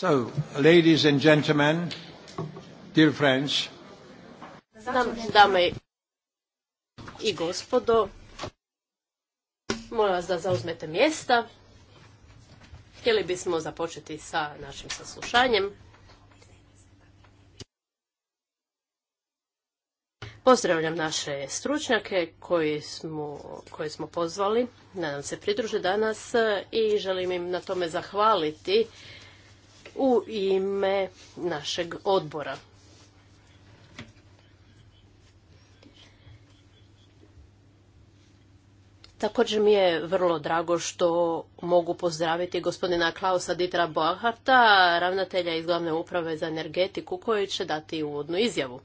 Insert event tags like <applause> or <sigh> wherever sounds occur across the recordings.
So, ladies and gentlemen, dear friends. Dame i gospodo, molim vas da zauzmete mjesta. Htjeli bismo započeti sa našim saslušanjem. Pozdravljam naše stručnjake koji smo, koje smo pozvali nadam nam se pridruže danas i želim im na tome zahvaliti u ime našeg odbora. Također mi je vrlo drago što mogu pozdraviti gospodina Klausa Ditra Boaharta, ravnatelja iz glavne uprave za energetiku, koji će dati uvodnu izjavu.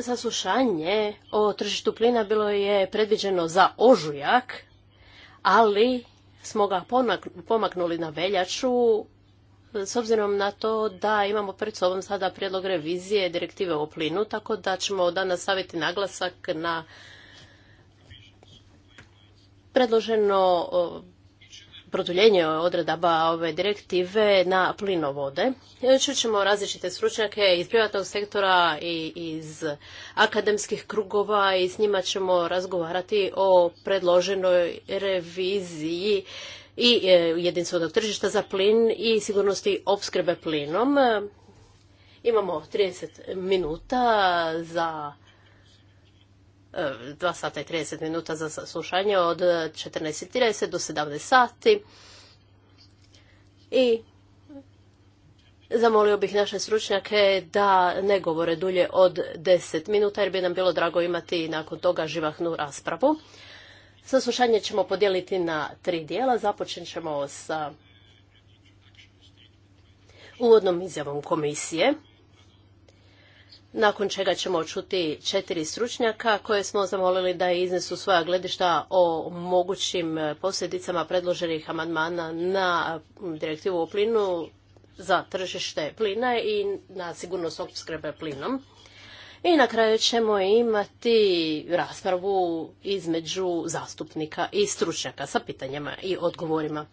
Saslušanje o tržištu plina bilo je predviđeno za ožujak, ali smo ga pomaknuli na veljaču s obzirom na to da imamo pred sobom sada prijedlog revizije direktive o plinu, tako da ćemo danas staviti naglasak na predloženo produljenje odredaba ove direktive na plinovode. Čućemo različite stručnjake iz privatnog sektora i iz akademskih krugova i s njima ćemo razgovarati o predloženoj reviziji i e, jedinstvenog tržišta za plin i sigurnosti opskrbe plinom. Imamo 30 minuta za dva sata i 30 minuta za saslušanje od 14.30 do 17 sati. I zamolio bih naše stručnjake da ne govore dulje od 10 minuta jer bi nam bilo drago imati nakon toga živahnu raspravu. Saslušanje ćemo podijeliti na tri dijela. Započet ćemo sa uvodnom izjavom komisije nakon čega ćemo čuti četiri stručnjaka koje smo zamolili da iznesu svoja gledišta o mogućim posljedicama predloženih amandmana na direktivu o plinu za tržište plina i na sigurnost opskrbe plinom. I na kraju ćemo imati raspravu između zastupnika i stručnjaka sa pitanjima i odgovorima.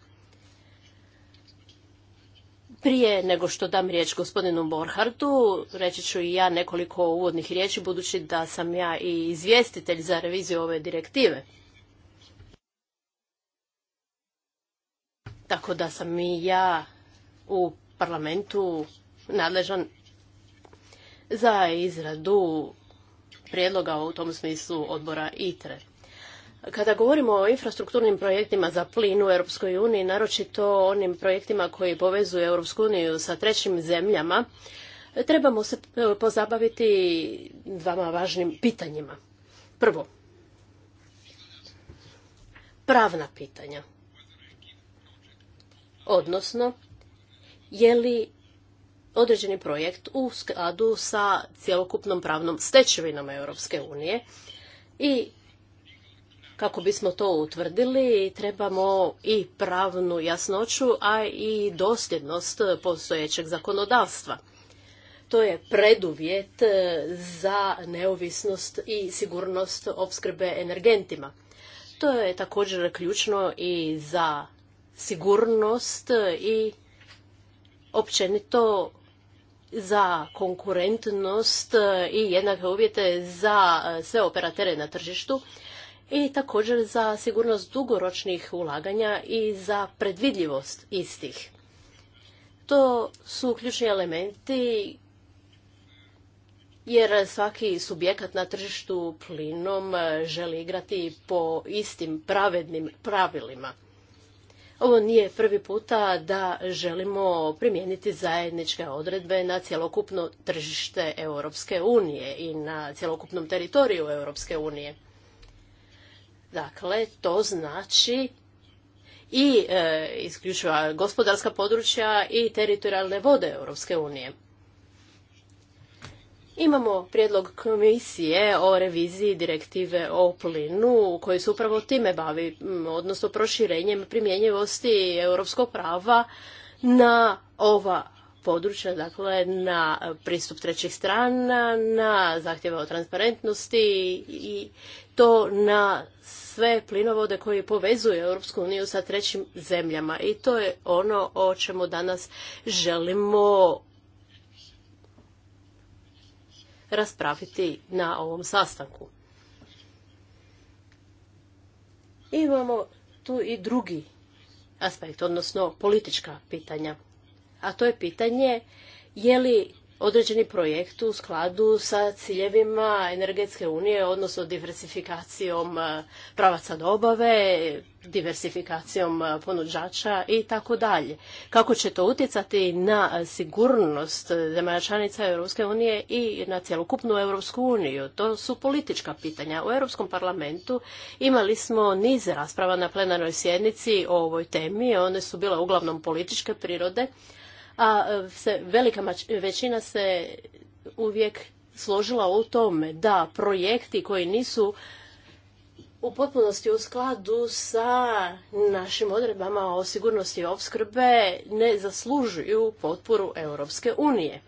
Prije nego što dam riječ gospodinu Borhartu, reći ću i ja nekoliko uvodnih riječi, budući da sam ja i izvjestitelj za reviziju ove direktive. Tako da sam i ja u parlamentu nadležan za izradu prijedloga u tom smislu odbora ITRE. Kada govorimo o infrastrukturnim projektima za plin u Europskoj uniji, naročito onim projektima koji povezuju Europsku uniju sa trećim zemljama, trebamo se pozabaviti dvama važnim pitanjima. Prvo, pravna pitanja. Odnosno, je li određeni projekt u skladu sa cjelokupnom pravnom stečevinom Europske unije i kako bismo to utvrdili, trebamo i pravnu jasnoću, a i dosljednost postojećeg zakonodavstva. To je preduvjet e, za neovisnost i sigurnost opskrbe energentima. To je također ključno i za sigurnost e, i općenito za konkurentnost e, i jednake uvjete za sve operatere na tržištu i također za sigurnost dugoročnih ulaganja i za predvidljivost istih. To su ključni elementi jer svaki subjekat na tržištu plinom želi igrati po istim pravednim pravilima. Ovo nije prvi puta da želimo primijeniti zajedničke odredbe na cjelokupno tržište Europske unije i na cjelokupnom teritoriju Europske unije. Dakle, to znači i e, isključiva gospodarska područja i teritorijalne vode Europske unije. Imamo prijedlog komisije o reviziji direktive o plinu koji se upravo time bavi, odnosno proširenjem primjenjivosti europskog prava na ova područja, dakle na pristup trećih strana, na zahtjeve o transparentnosti i to na sve plinovode koji povezuju Europsku uniju sa trećim zemljama i to je ono o čemu danas želimo raspraviti na ovom sastanku. Imamo tu i drugi aspekt, odnosno politička pitanja. A to je pitanje je li određeni projekt u skladu sa ciljevima energetske unije, odnosno diversifikacijom e, pravaca dobave, diversifikacijom e, ponuđača i tako dalje. Kako će to utjecati na sigurnost zemalja članica Europske unije i na cjelokupnu Europsku uniju? To su politička pitanja. U Europskom parlamentu imali smo niz rasprava na plenarnoj sjednici o ovoj temi. One su bile uglavnom političke prirode a e, se velika većina se uvijek složila u tome da projekti koji nisu u potpunosti u skladu sa našim odredbama o sigurnosti opskrbe ne zaslužuju potporu Europske unije.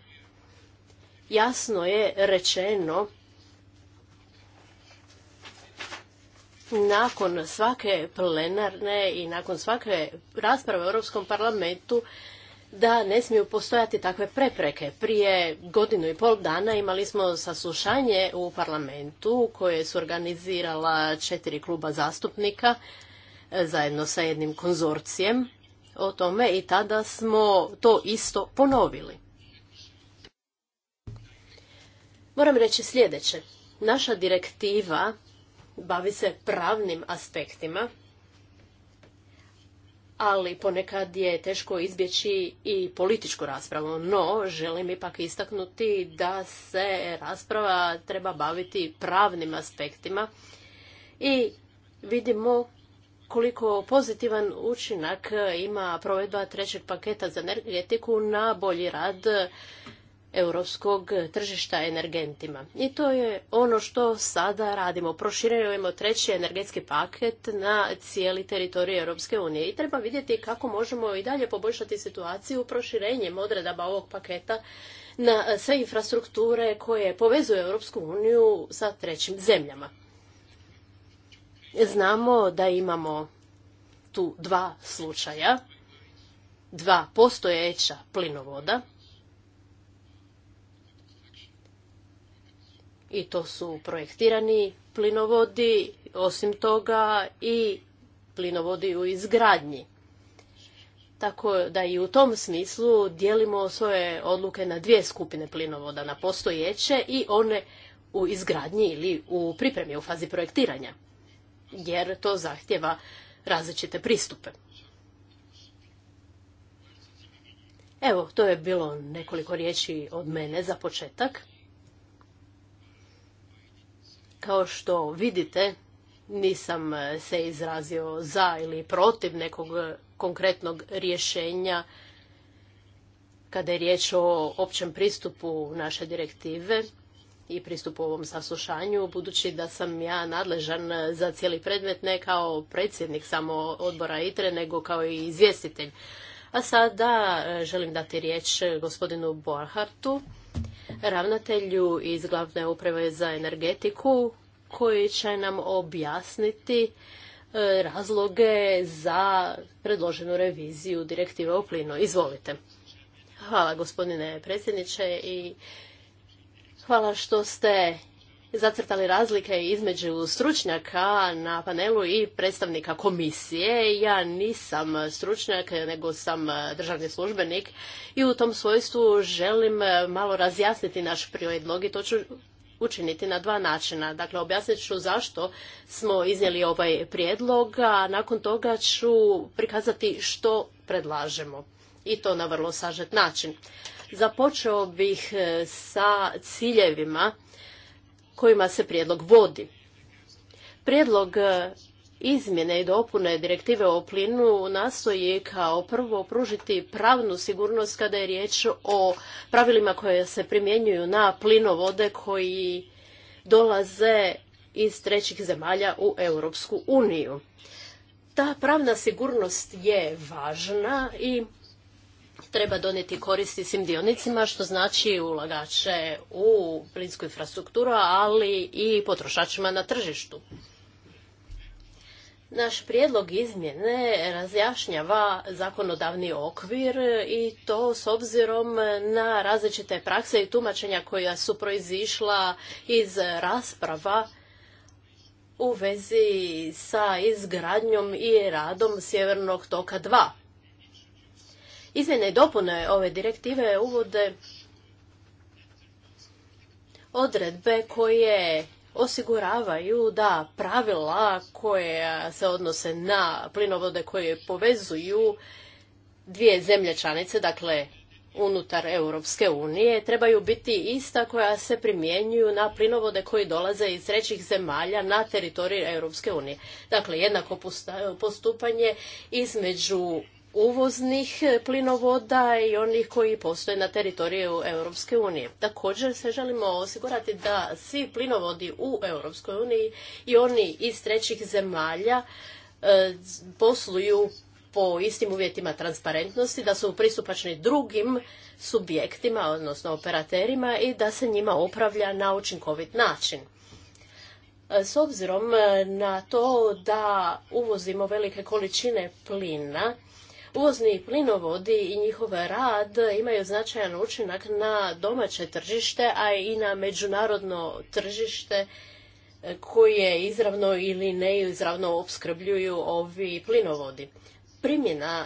Jasno je rečeno nakon svake plenarne i nakon svake rasprave u Europskom parlamentu da ne smiju postojati takve prepreke. Prije godinu i pol dana imali smo saslušanje u parlamentu koje su organizirala četiri kluba zastupnika e, zajedno sa jednim konzorcijem o tome i tada smo to isto ponovili. Moram reći sljedeće. Naša direktiva bavi se pravnim aspektima ali ponekad je teško izbjeći i političku raspravu. No, želim ipak istaknuti da se rasprava treba baviti pravnim aspektima i vidimo koliko pozitivan učinak ima provedba trećeg paketa za energetiku na bolji rad europskog tržišta energentima. I to je ono što sada radimo. Proširujemo treći energetski paket na cijeli teritorij Europske unije i treba vidjeti kako možemo i dalje poboljšati situaciju proširenjem odredaba ovog paketa na sve infrastrukture koje povezuju Europsku uniju sa trećim zemljama. Znamo da imamo tu dva slučaja, dva postojeća plinovoda i to su projektirani plinovodi, osim toga i plinovodi u izgradnji. Tako da i u tom smislu dijelimo svoje odluke na dvije skupine plinovoda, na postojeće i one u izgradnji ili u pripremi u fazi projektiranja, jer to zahtjeva različite pristupe. Evo, to je bilo nekoliko riječi od mene za početak. Kao što vidite, nisam se izrazio za ili protiv nekog konkretnog rješenja kada je riječ o općem pristupu naše direktive i pristupu ovom saslušanju, budući da sam ja nadležan za cijeli predmet ne kao predsjednik samo odbora ITRE, nego kao i izvjestitelj. A sada e, želim dati riječ gospodinu Borhartu ravnatelju iz glavne uprave za energetiku koji će nam objasniti e, razloge za predloženu reviziju direktive o plinu. Izvolite. Hvala gospodine predsjedniče i hvala što ste zacrtali razlike između stručnjaka na panelu i predstavnika komisije. Ja nisam stručnjak, nego sam državni službenik i u tom svojstvu želim malo razjasniti naš prijedlog i to ću učiniti na dva načina. Dakle, objasnit ću zašto smo iznijeli ovaj prijedlog, a nakon toga ću prikazati što predlažemo. I to na vrlo sažet način. Započeo bih sa ciljevima kojima se prijedlog vodi. Prijedlog e, izmjene i dopune direktive o plinu nastoji kao prvo pružiti pravnu sigurnost kada je riječ o pravilima koje se primjenjuju na plinovode koji dolaze iz trećih zemalja u Europsku uniju. Ta pravna sigurnost je važna i treba donijeti koristi svim dionicima, što znači ulagače u plinsku infrastrukturu, ali i potrošačima na tržištu. Naš prijedlog izmjene razjašnjava zakonodavni okvir i to s obzirom na različite prakse i tumačenja koja su proizišla iz rasprava u vezi sa izgradnjom i radom Sjevernog toka 2. Izmjene i dopune ove direktive uvode odredbe koje osiguravaju da pravila koja se odnose na plinovode koje povezuju dvije zemlje članice, dakle unutar Europske unije, trebaju biti ista koja se primjenjuju na plinovode koji dolaze iz trećih zemalja na teritoriju Europske unije. Dakle, jednako postupanje između uvoznih e, plinovoda i onih koji postoje na teritoriju Europske unije. Također se želimo osigurati da svi plinovodi u Europskoj uniji i oni iz trećih zemalja e, posluju po istim uvjetima transparentnosti, da su pristupačni drugim subjektima, odnosno operaterima i da se njima upravlja na učinkovit način. E, s obzirom na to da uvozimo velike količine plina, Uvozni plinovodi i njihov rad imaju značajan učinak na domaće tržište, a i na međunarodno tržište e, koje izravno ili neizravno opskrbljuju ovi plinovodi. Primjena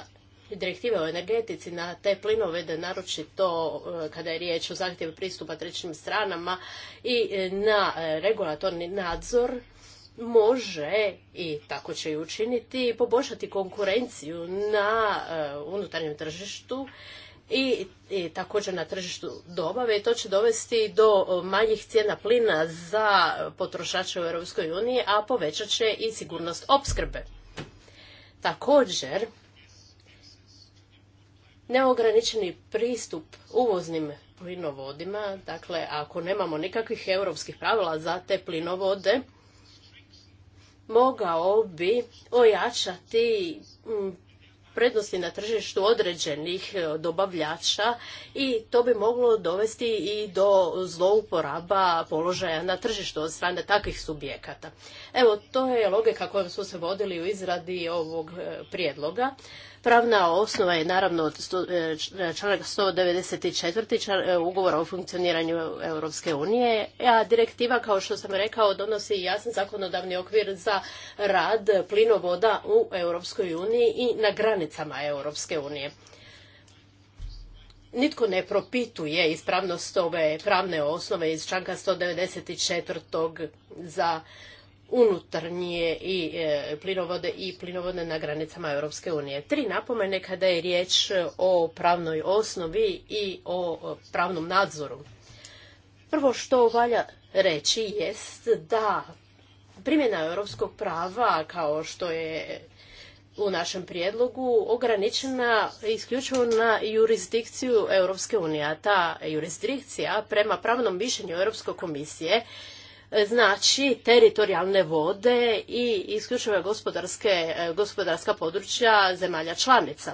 direktive o energetici na te plinovode, naročito e, kada je riječ o zahtjevu pristupa trećim stranama i e, na regulatorni nadzor, može i tako će i učiniti poboljšati konkurenciju na e, unutarnjem tržištu i, također na tržištu dobave i to će dovesti do manjih cijena plina za potrošače u EU, a povećat će i sigurnost opskrbe. Također, neograničeni pristup uvoznim plinovodima, dakle ako nemamo nikakvih europskih pravila za te plinovode, mogao bi ojačati mm, prednosti na tržištu određenih e, dobavljača i to bi moglo dovesti i do zlouporaba položaja na tržištu od strane takvih subjekata. Evo, to je logika kojom su se vodili u izradi ovog e, prijedloga. Pravna osnova je naravno e, e, članak 194. E, ugovora o funkcioniranju Europske unije, a direktiva, kao što sam rekao, donosi jasan zakonodavni okvir za rad plinovoda u Europskoj uniji i na granicama Europske unije. Nitko ne propituje ispravnost ove pravne osnove iz članka 194. za unutarnje i e, plinovode i plinovode na granicama Europske unije. Tri napomene kada je riječ e, o pravnoj osnovi i o pravnom nadzoru. Prvo što valja reći jest da primjena europskog prava kao što je u našem prijedlogu ograničena isključivo na jurisdikciju Europske unije. A ta jurisdikcija prema pravnom mišljenju Europske komisije znači teritorijalne vode i isključiva gospodarske, e, gospodarska područja zemalja članica.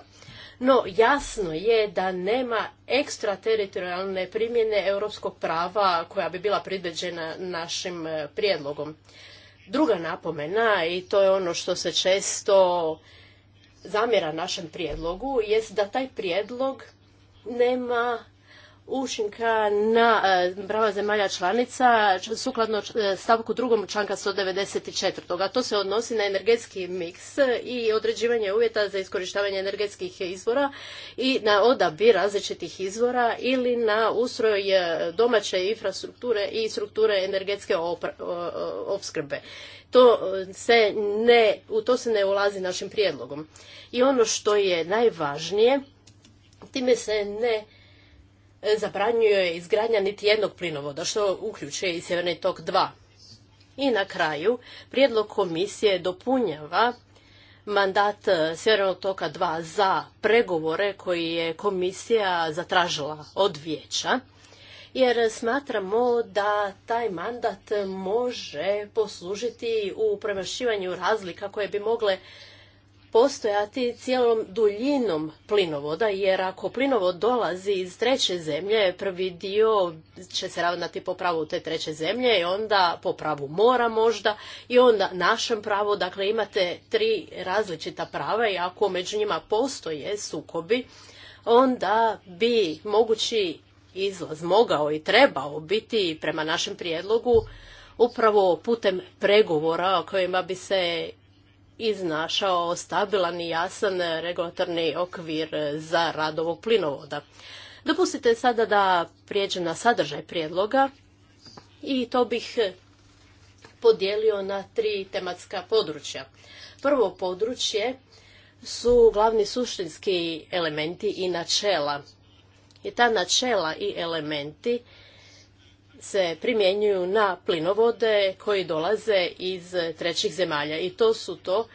No jasno je da nema ekstrateritorijalne primjene europskog prava koja bi bila predviđena našim e, prijedlogom. Druga napomena, i to je ono što se često zamjera našem prijedlogu, jest da taj prijedlog nema učinka na e, prava zemalja članica sukladno e, stavku drugom članka 194. A to se odnosi na energetski miks i određivanje uvjeta za iskorištavanje energetskih izvora i na odabir različitih izvora ili na ustroj e, domaće infrastrukture i strukture energetske opskrbe. To se ne, u to se ne ulazi našim prijedlogom. I ono što je najvažnije, time se ne E, zabranjuje izgradnja niti jednog plinovoda, što uključuje i Sjeverni tok 2. I na kraju, prijedlog komisije dopunjava mandat e, Sjevernog toka 2 za pregovore koji je komisija zatražila od vijeća, jer smatramo da taj mandat može poslužiti u premašivanju razlika koje bi mogle postojati cijelom duljinom plinovoda, jer ako plinovod dolazi iz treće zemlje, prvi dio će se ravnati po pravu te treće zemlje i onda po pravu mora možda i onda našem pravu, dakle imate tri različita prava i ako među njima postoje sukobi, onda bi mogući izlaz mogao i trebao biti prema našem prijedlogu upravo putem pregovora o kojima bi se iznašao stabilan i jasan regulatorni okvir za rad ovog plinovoda. Dopustite sada da prijeđem na sadržaj prijedloga i to bih podijelio na tri tematska područja. Prvo područje su glavni suštinski elementi i načela. I ta načela i elementi se primjenjuju na plinovode koji dolaze iz trećih zemalja. I to su to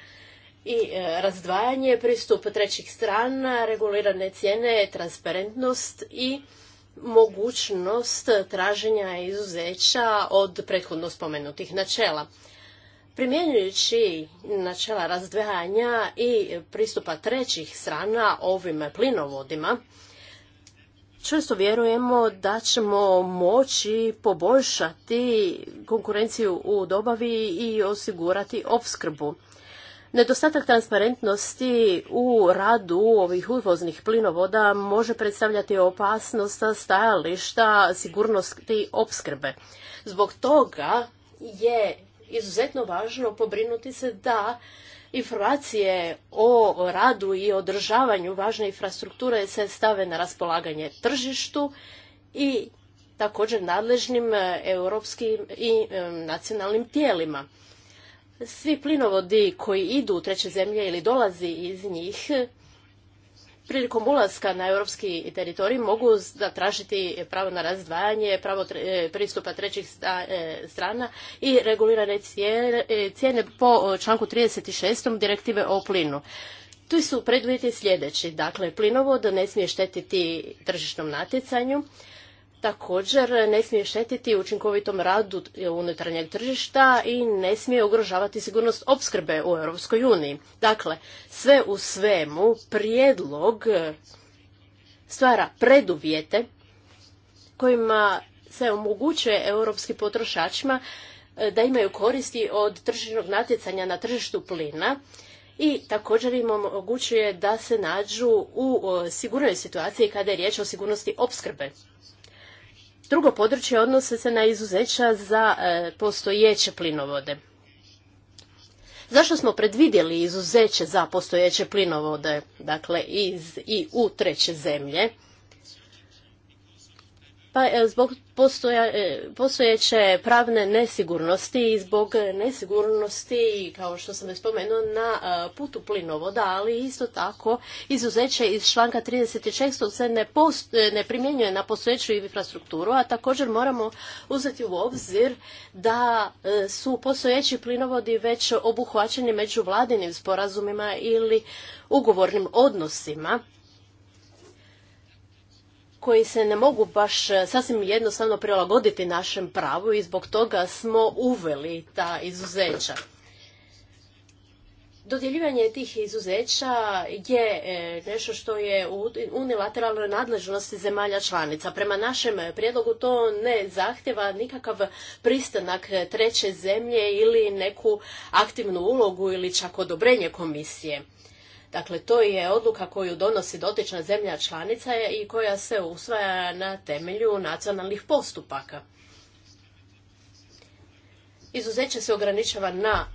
i e, razdvajanje, pristup trećih strana, regulirane cijene, transparentnost i mogućnost traženja izuzeća od prethodno spomenutih načela. Primjenjujući načela razdvajanja i pristupa trećih strana ovim plinovodima, Često vjerujemo da ćemo moći poboljšati konkurenciju u dobavi i osigurati opskrbu. Nedostatak transparentnosti u radu ovih uvoznih plinovoda može predstavljati opasnost stajališta sigurnosti opskrbe. Zbog toga je izuzetno važno pobrinuti se da informacije o radu i održavanju važne infrastrukture se stave na raspolaganje tržištu i također nadležnim e, europskim i e, nacionalnim tijelima. Svi plinovodi koji idu u treće zemlje ili dolazi iz njih prilikom ulaska na europski teritorij mogu zatražiti pravo na razdvajanje, pravo e, pristupa trećih e, strana i regulirane cijene e, po članku 36. direktive o plinu. Tu su preduvjeti sljedeći. Dakle, plinovod ne smije štetiti tržišnom natjecanju, također ne smije šetiti učinkovitom radu unutarnjeg tržišta i ne smije ugrožavati sigurnost opskrbe u Europskoj uniji. Dakle, sve u svemu prijedlog stvara preduvjete kojima se omogućuje europskim potrošačima e, da imaju koristi od tržišnog natjecanja na tržištu plina i također im omogućuje da se nađu u e, sigurnoj situaciji kada je riječ o sigurnosti opskrbe. Drugo područje odnose se na izuzeća za e, postojeće plinovode. Zašto smo predvidjeli izuzeće za postojeće plinovode, dakle iz i u treće zemlje? Pa e, zbog postoja, e, postojeće pravne nesigurnosti i zbog nesigurnosti, kao što sam već spomenuo, na e, putu plinovoda, ali isto tako izuzeće iz članka 36 se ne, ne primjenjuje na postojeću infrastrukturu, a također moramo uzeti u obzir da su postojeći plinovodi već obuhvaćeni među vladinim sporazumima ili ugovornim odnosima koji se ne mogu baš e, sasvim jednostavno prilagoditi našem pravu i zbog toga smo uveli ta izuzeća. Dodjeljivanje tih izuzeća je e, nešto što je u unilateralnoj nadležnosti zemalja članica. Prema našem prijedlogu to ne zahtjeva nikakav pristanak treće zemlje ili neku aktivnu ulogu ili čak odobrenje komisije. Dakle, to je odluka koju donosi dotična zemlja članica i koja se usvaja na temelju nacionalnih postupaka. Izuzeće se ograničava na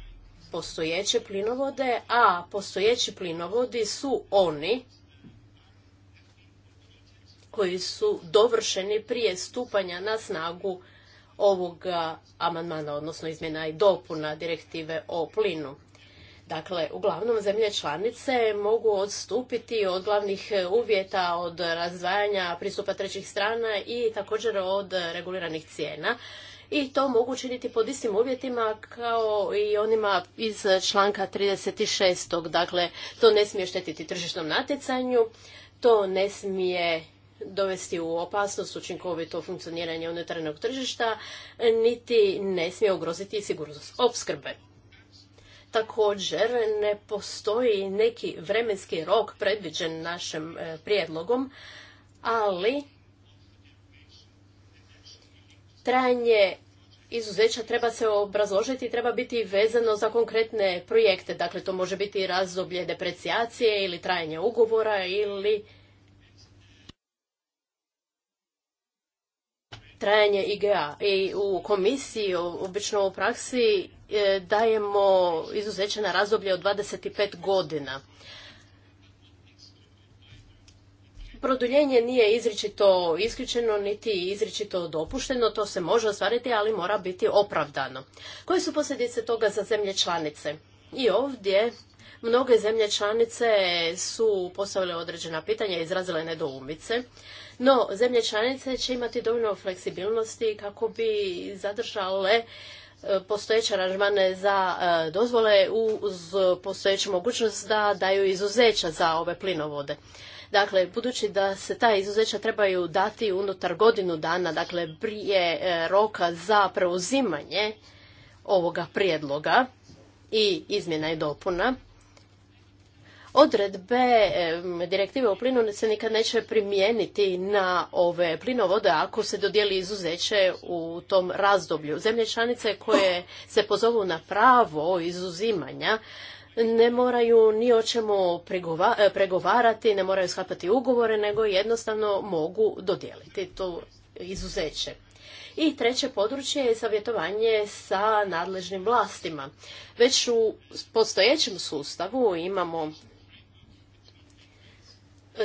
postojeće plinovode, a postojeći plinovodi su oni koji su dovršeni prije stupanja na snagu ovog amandmana, odnosno izmjena i dopuna direktive o plinu. Dakle, uglavnom zemlje članice mogu odstupiti od glavnih e, uvjeta, od razdvajanja pristupa trećih strana i također od reguliranih cijena. I to mogu činiti pod istim uvjetima kao i onima iz članka 36. Dakle, to ne smije štetiti tržišnom natjecanju, to ne smije dovesti u opasnost učinkovito funkcioniranje unutarnjeg tržišta, niti ne smije ugroziti sigurnost opskrbe. Također ne postoji neki vremenski rok predviđen našim e, prijedlogom, ali trajanje izuzeća treba se obrazložiti i treba biti vezano za konkretne projekte. Dakle, to može biti razdoblje deprecijacije ili trajanje ugovora ili trajanje IGA. I u komisiji, obično u praksi, e, dajemo izuzeće na razdoblje od 25 godina. Produljenje nije izričito isključeno niti izričito dopušteno, to se može ostvariti, ali mora biti opravdano. Koje su posljedice toga za zemlje članice? I ovdje Mnoge zemlje članice su postavile određena pitanja i izrazile nedoumice, no zemlje članice će imati dovoljno fleksibilnosti kako bi zadržale e, postojeće aranžmane za e, dozvole uz postojeću mogućnost da daju izuzeća za ove plinovode. Dakle, budući da se ta izuzeća trebaju dati unutar godinu dana, dakle prije e, roka za preuzimanje ovoga prijedloga i izmjena i dopuna, odredbe direktive o plinu se nikad neće primijeniti na ove plinovode ako se dodijeli izuzeće u tom razdoblju. Zemlje članice koje se pozovu na pravo izuzimanja ne moraju ni o čemu eh, pregovarati, ne moraju sklapati ugovore, nego jednostavno mogu dodijeliti to izuzeće. I treće područje je savjetovanje sa nadležnim vlastima. Već u postojećem sustavu imamo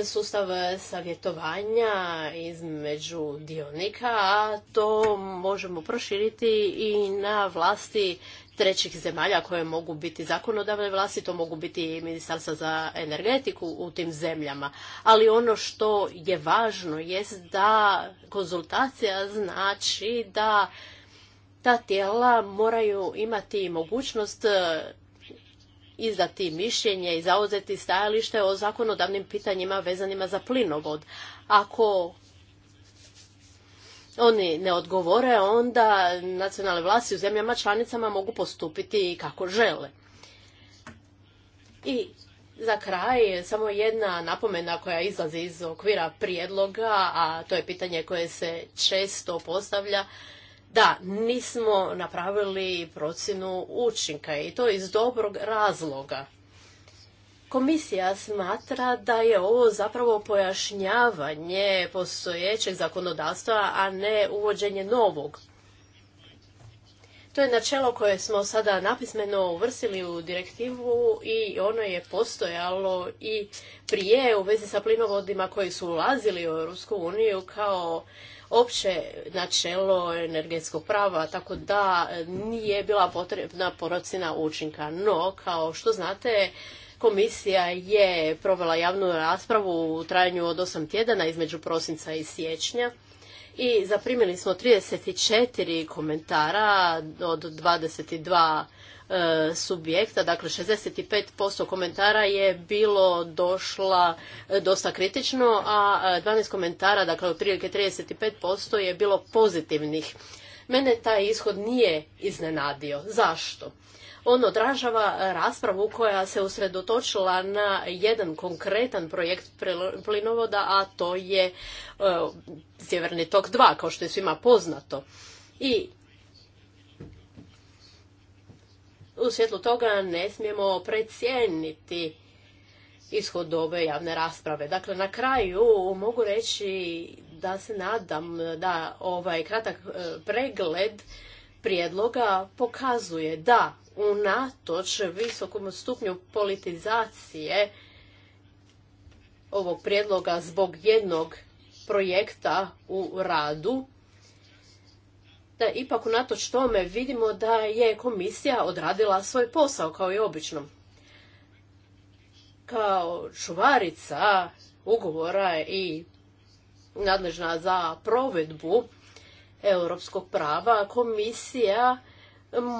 sustav savjetovanja između dionika, a to možemo proširiti i na vlasti trećih zemalja koje mogu biti zakonodavne vlasti, to mogu biti i ministarstva za energetiku u tim zemljama. Ali ono što je važno jest da konzultacija znači da ta tijela moraju imati mogućnost izdati mišljenje i zauzeti stajalište o zakonodavnim pitanjima vezanima za plinovod. Ako oni ne odgovore, onda nacionalne vlasti u zemljama članicama mogu postupiti kako žele. I za kraj, samo jedna napomena koja izlazi iz okvira prijedloga, a to je pitanje koje se često postavlja, da, nismo napravili procjenu učinka i to iz dobrog razloga. Komisija smatra da je ovo zapravo pojašnjavanje postojećeg zakonodavstva, a ne uvođenje novog. To je načelo koje smo sada napismeno uvrstili u direktivu i ono je postojalo i prije u vezi sa plinovodima koji su ulazili u EU uniju kao opće načelo energetskog prava, tako da nije bila potrebna procjena učinka. No, kao što znate, Komisija je provela javnu raspravu u trajanju od 8 tjedana između prosinca i siječnja i zaprimili smo 34 komentara od 22 E, subjekta, dakle 65% komentara je bilo došla e, dosta kritično, a 12 e, komentara, dakle otprilike 35% je bilo pozitivnih. Mene taj ishod nije iznenadio. Zašto? On odražava raspravu koja se usredotočila na jedan konkretan projekt plinovoda, a to je Sjeverni tok 2, kao što je svima poznato. I U svjetlu toga ne smijemo precijeniti ishod ove javne rasprave. Dakle, na kraju mogu reći da se nadam da ovaj kratak e, pregled prijedloga pokazuje da unatoč visokom stupnju politizacije ovog prijedloga zbog jednog projekta u radu da ipak unatoč tome vidimo da je komisija odradila svoj posao kao i obično. Kao čuvarica ugovora i nadležna za provedbu europskog prava, komisija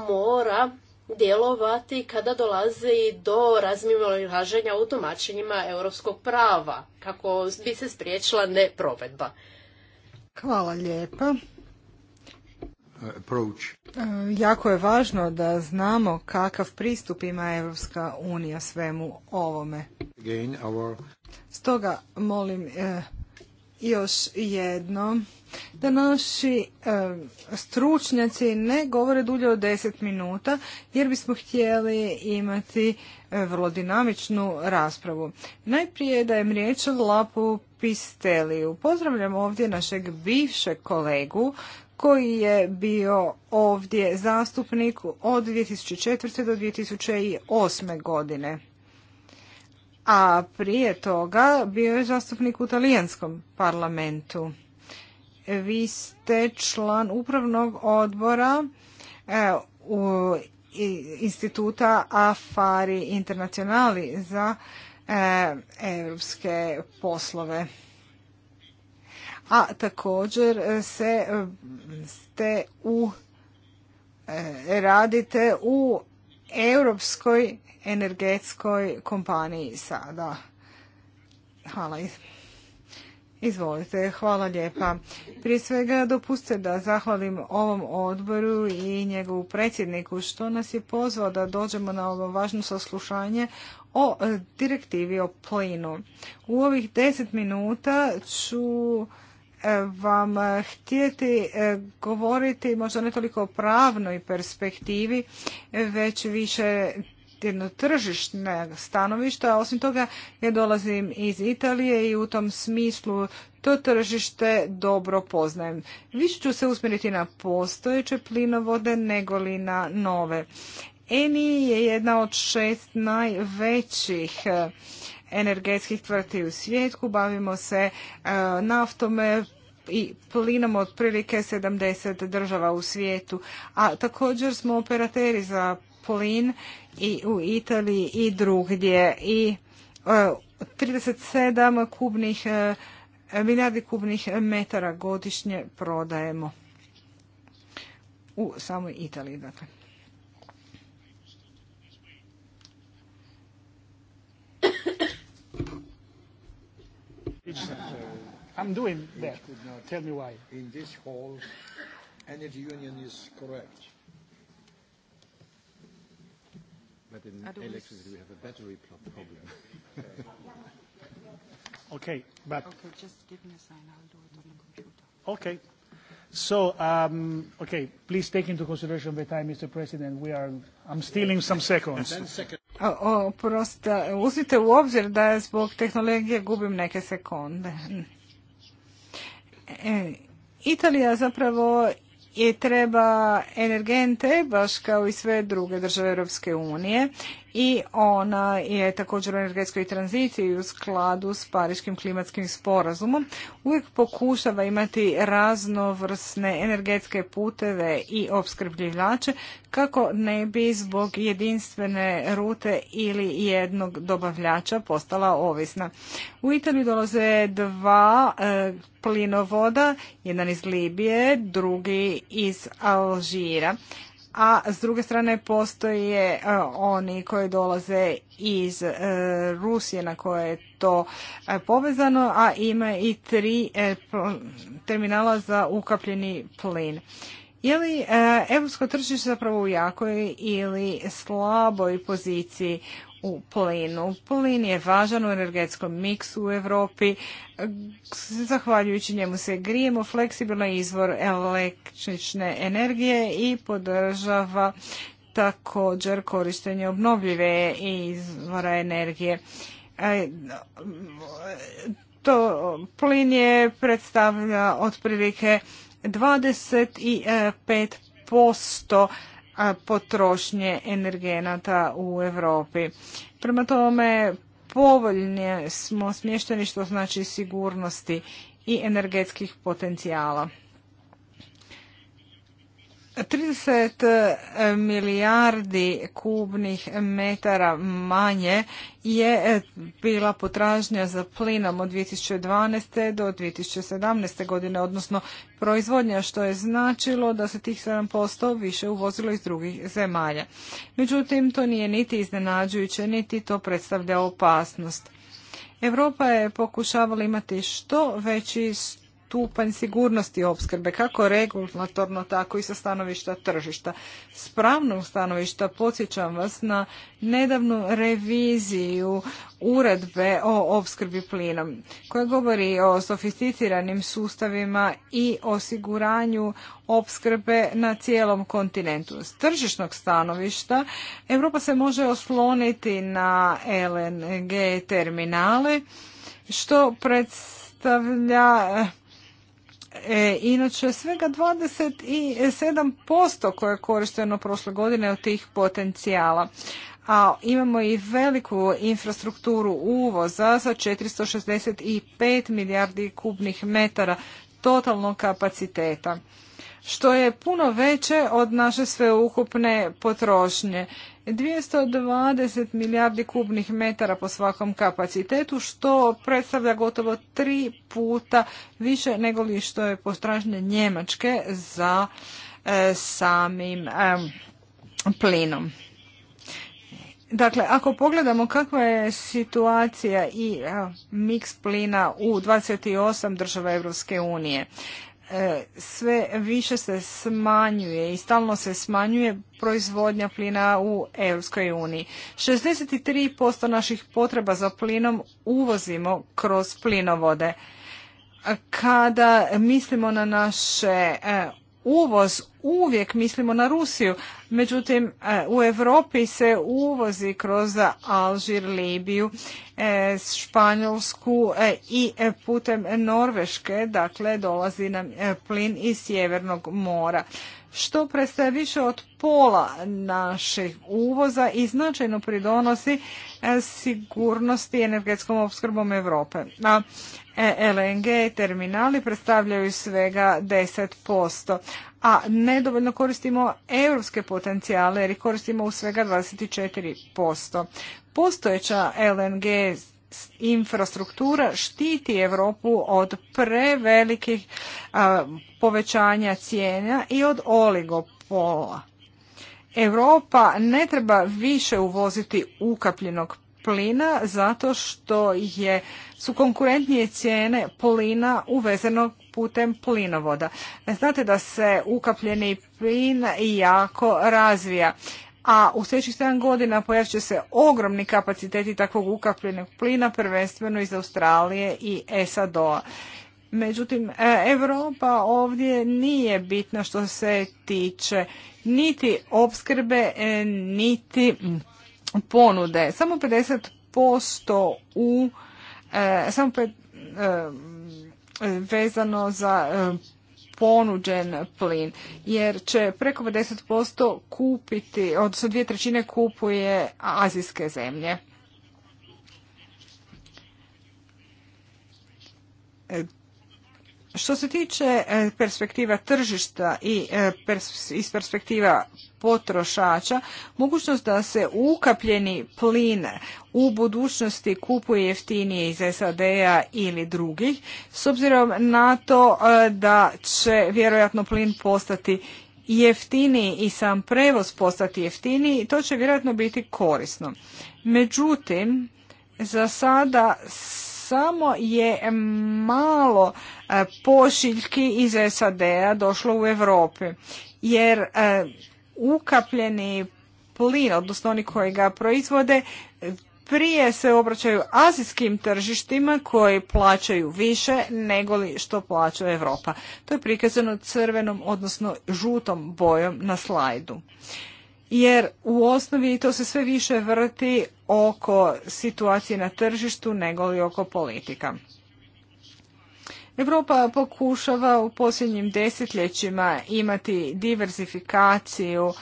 mora djelovati kada dolazi do razmimoilaženja u tumačenjima europskog prava, kako bi se spriječila neprovedba. Hvala lijepa approach. E, jako je važno da znamo kakav pristup ima Europska unija svemu ovome. Stoga molim e, još jedno da naši e, stručnjaci ne govore dulje od deset minuta jer bismo htjeli imati vrlo dinamičnu raspravu. Najprije dajem riječ Lapu Pisteliju. Pozdravljam ovdje našeg bivšeg kolegu koji je bio ovdje zastupnik od 2004. do 2008. godine. A prije toga bio je zastupnik u talijanskom parlamentu. Vi ste član upravnog odbora e, u instituta Afari Internacionali za europske poslove a također e, se e, ste u e, radite u europskoj energetskoj kompaniji sada. Hvala. Izvolite, hvala lijepa. Prije svega dopustite da zahvalim ovom odboru i njegovu predsjedniku što nas je pozvao da dođemo na ovo važno saslušanje o direktivi o plinu. U ovih deset minuta ću vam eh, htjeti eh, govoriti možda ne toliko o pravnoj perspektivi, već više jedno tržišne stanovišta. Osim toga, ja dolazim iz Italije i u tom smislu to tržište dobro poznajem. Više ću se usmjeriti na postojeće plinovode nego li na nove. Eni je jedna od šest najvećih eh, energetskih tvrti u svijetku. Bavimo se e, naftom e, i plinom otprilike 70 država u svijetu. A također smo operateri za plin i u Italiji i drugdje. I 37 e, kubnih milijardi kubnih metara godišnje prodajemo u samoj Italiji. Dakle. uh, I'm doing that. Could not Tell me why. In this hall energy union is correct. But in electricity we have a battery problem. <laughs> okay, but... Okay, just give me a sign. I'll do it on the computer. Okay. So, um, okay, please take into consideration the time, Mr. President. We are... I'm stealing some seconds. Prosta, uzmite u obzir da je zbog tehnologije gubim neke sekunde. E, Italija zapravo je treba energente, baš kao i sve druge države Europske unije i ona je također u energetskoj tranziciji u skladu s Pariškim klimatskim sporazumom. Uvijek pokušava imati raznovrsne energetske puteve i opskrbljivače kako ne bi zbog jedinstvene rute ili jednog dobavljača postala ovisna. U Italiju dolaze dva e, plinovoda, jedan iz Libije, drugi iz Alžira a s druge strane postoje e, oni koji dolaze iz e, Rusije na koje je to e, povezano, a ima i tri terminala za ukapljeni plin. Je li europsko tržište zapravo u jakoj ili slaboj poziciji? u plinu. Plin je važan u energetskom miksu u Europi. Zahvaljujući njemu se grijemo fleksibilno izvor električne energije i podržava također korištenje obnovljive izvora energije. E, to plin je predstavlja otprilike 25% potrošnje energenata u Europi. Prema tome, povoljnije smo smješteni što znači sigurnosti i energetskih potencijala. 30 e, milijardi kubnih metara manje je e, bila potražnja za plinom od 2012. do 2017. godine, odnosno proizvodnja, što je značilo da se tih 7% više uvozilo iz drugih zemalja. Međutim, to nije niti iznenađujuće, niti to predstavlja opasnost. Europa je pokušavala imati što veći stupanj sigurnosti opskrbe, kako regulatorno, tako i sa stanovišta tržišta. S pravnog stanovišta podsjećam vas na nedavnu reviziju uredbe o opskrbi plinom, koja govori o sofisticiranim sustavima i osiguranju opskrbe na cijelom kontinentu. S tržišnog stanovišta Europa se može osloniti na LNG terminale, što predstavlja eh, E, inače, svega 27% koje je korišteno prošle godine od tih potencijala. A imamo i veliku infrastrukturu uvoza sa 465 milijardi kubnih metara totalnog kapaciteta što je puno veće od naše sveukupne potrošnje. 220 milijardi kubnih metara po svakom kapacitetu, što predstavlja gotovo tri puta više nego li što je postražnje Njemačke za e, samim e, plinom. Dakle, ako pogledamo kakva je situacija i e, miks plina u 28 država Europske unije, sve više se smanjuje i stalno se smanjuje proizvodnja plina u Europskoj uniji. 63% naših potreba za plinom uvozimo kroz plinovode. Kada mislimo na naše uvoz uvijek mislimo na Rusiju. Međutim, e, u Europi se uvozi kroz Alžir, Libiju, e, Španjolsku e, i putem Norveške, dakle dolazi nam plin iz Sjevernog mora što predstavlja više od pola naših uvoza i značajno pridonosi e, sigurnosti energetskom opskrbom Europe. A e, LNG terminali predstavljaju svega 10%, a nedovoljno koristimo europske potencijale jer ih koristimo u svega 24%. Postojeća LNG infrastruktura štiti Europu od prevelikih povećanja cijena i od oligopola. Europa ne treba više uvoziti ukapljenog plina zato što je, su konkurentnije cijene plina uvezenog putem plinovoda. Znate da se ukapljeni plin jako razvija a u sljedećih sedam godina pojavit će se ogromni kapaciteti takvog ukapljenog plina, prvenstveno iz Australije i SAD-a. Međutim, e, Europa ovdje nije bitna što se tiče niti opskrbe, e, niti ponude. Samo 50% u, e, samo vezano za ponuđen plin, jer će preko 50% kupiti, odnosno dvije trećine kupuje azijske zemlje. Što se tiče e, perspektiva tržišta i e, iz perspektiva potrošača, mogućnost da se ukapljeni plin u budućnosti kupuje jeftinije iz SAD-a ili drugih, s obzirom na to e, da će vjerojatno plin postati jeftiniji i sam prevoz postati jeftiniji, to će vjerojatno biti korisno. Međutim, za sada samo je malo e, pošiljki iz SAD-a došlo u Europi jer e, ukapljeni plin, odnosno oni koji ga proizvode, prije se obraćaju azijskim tržištima koji plaćaju više nego li što plaća Europa. To je prikazano crvenom, odnosno žutom bojom na slajdu jer u osnovi to se sve više vrti oko situacije na tržištu nego li oko politika. Europa pokušava u posljednjim desetljećima imati diversifikaciju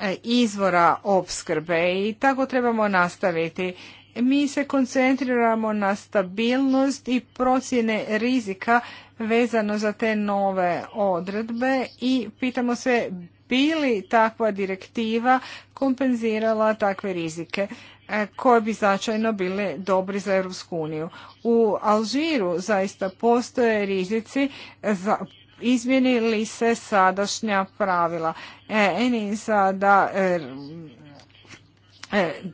e, izvora opskrbe i tako trebamo nastaviti. Mi se koncentriramo na stabilnost i procjene rizika vezano za te nove odredbe i pitamo se bili takva direktiva kompenzirala takve rizike e, koje bi značajno bile dobri za Europsku uniju. U Alžiru zaista postoje rizici za izmjeni se sadašnja pravila. E, Eni sada e,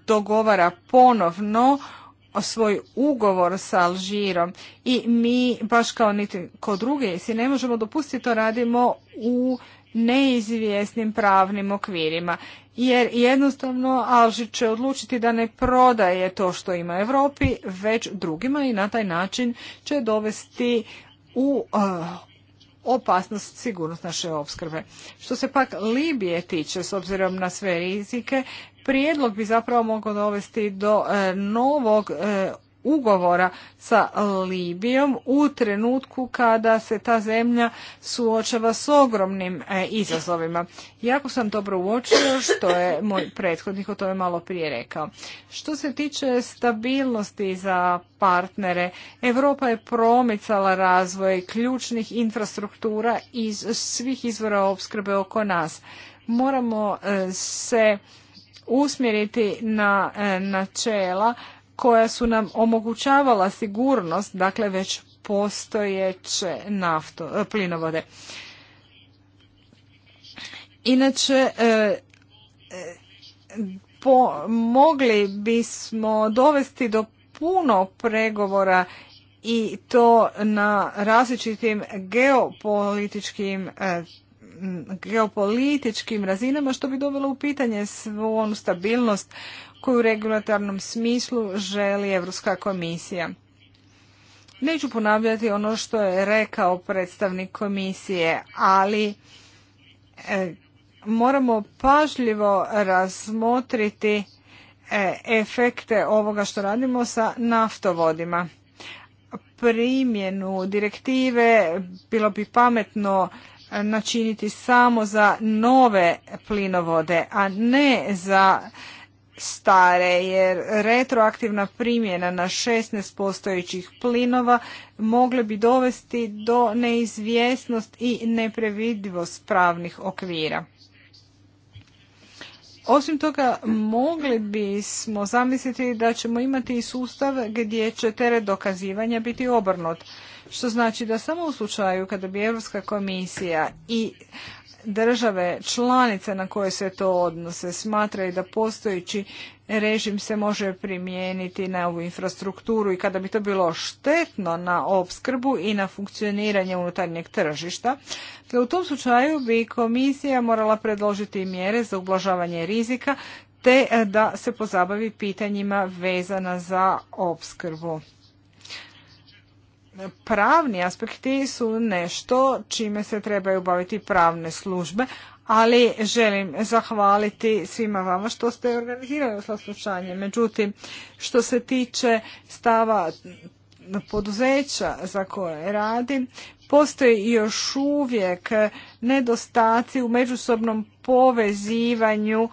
dogovara ponovno svoj ugovor sa Alžirom i mi baš kao niti kod druge si ne možemo dopustiti to radimo u neizvjesnim pravnim okvirima. Jer jednostavno Alži će odlučiti da ne prodaje to što ima Europi već drugima i na taj način će dovesti u eh, opasnost sigurnost naše opskrbe. Što se pak Libije tiče, s obzirom na sve rizike, prijedlog bi zapravo mogao dovesti do eh, novog eh, ugovora sa Libijom u trenutku kada se ta zemlja suočava s ogromnim e, izazovima. Jako sam dobro uočio što je moj prethodnik o tome malo prije rekao. Što se tiče stabilnosti za partnere, Europa je promicala razvoj ključnih infrastruktura iz svih izvora opskrbe oko nas. Moramo e, se usmjeriti na e, načela koja su nam omogućavala sigurnost, dakle već postojeće nafto, e, plinovode. Inače, e, e, po, mogli bismo dovesti do puno pregovora i to na različitim geopolitičkim geopolitičkim razinama što bi dovelo u pitanje svu onu stabilnost koju u regulatornom smislu želi Europska komisija. Neću ponavljati ono što je rekao predstavnik komisije, ali e, moramo pažljivo razmotriti e, efekte ovoga što radimo sa naftovodima. Primjenu direktive bilo bi pametno načiniti samo za nove plinovode, a ne za stare, jer retroaktivna primjena na 16 postojećih plinova mogle bi dovesti do neizvjesnost i neprevidivost pravnih okvira. Osim toga, mogli bismo zamisliti da ćemo imati i sustav gdje će teret dokazivanja biti obrnut. Što znači da samo u slučaju kada bi Europska komisija i države članice na koje se to odnose smatraju da postojeći režim se može primijeniti na ovu infrastrukturu i kada bi to bilo štetno na opskrbu i na funkcioniranje unutarnjeg tržišta, te u tom slučaju bi komisija morala predložiti mjere za ublažavanje rizika te da se pozabavi pitanjima vezana za opskrbu pravni aspekti su nešto čime se trebaju baviti pravne službe, ali želim zahvaliti svima vama što ste organizirali saslušanje. Međutim, što se tiče stava poduzeća za koje radim, postoji još uvijek nedostaci u međusobnom povezivanju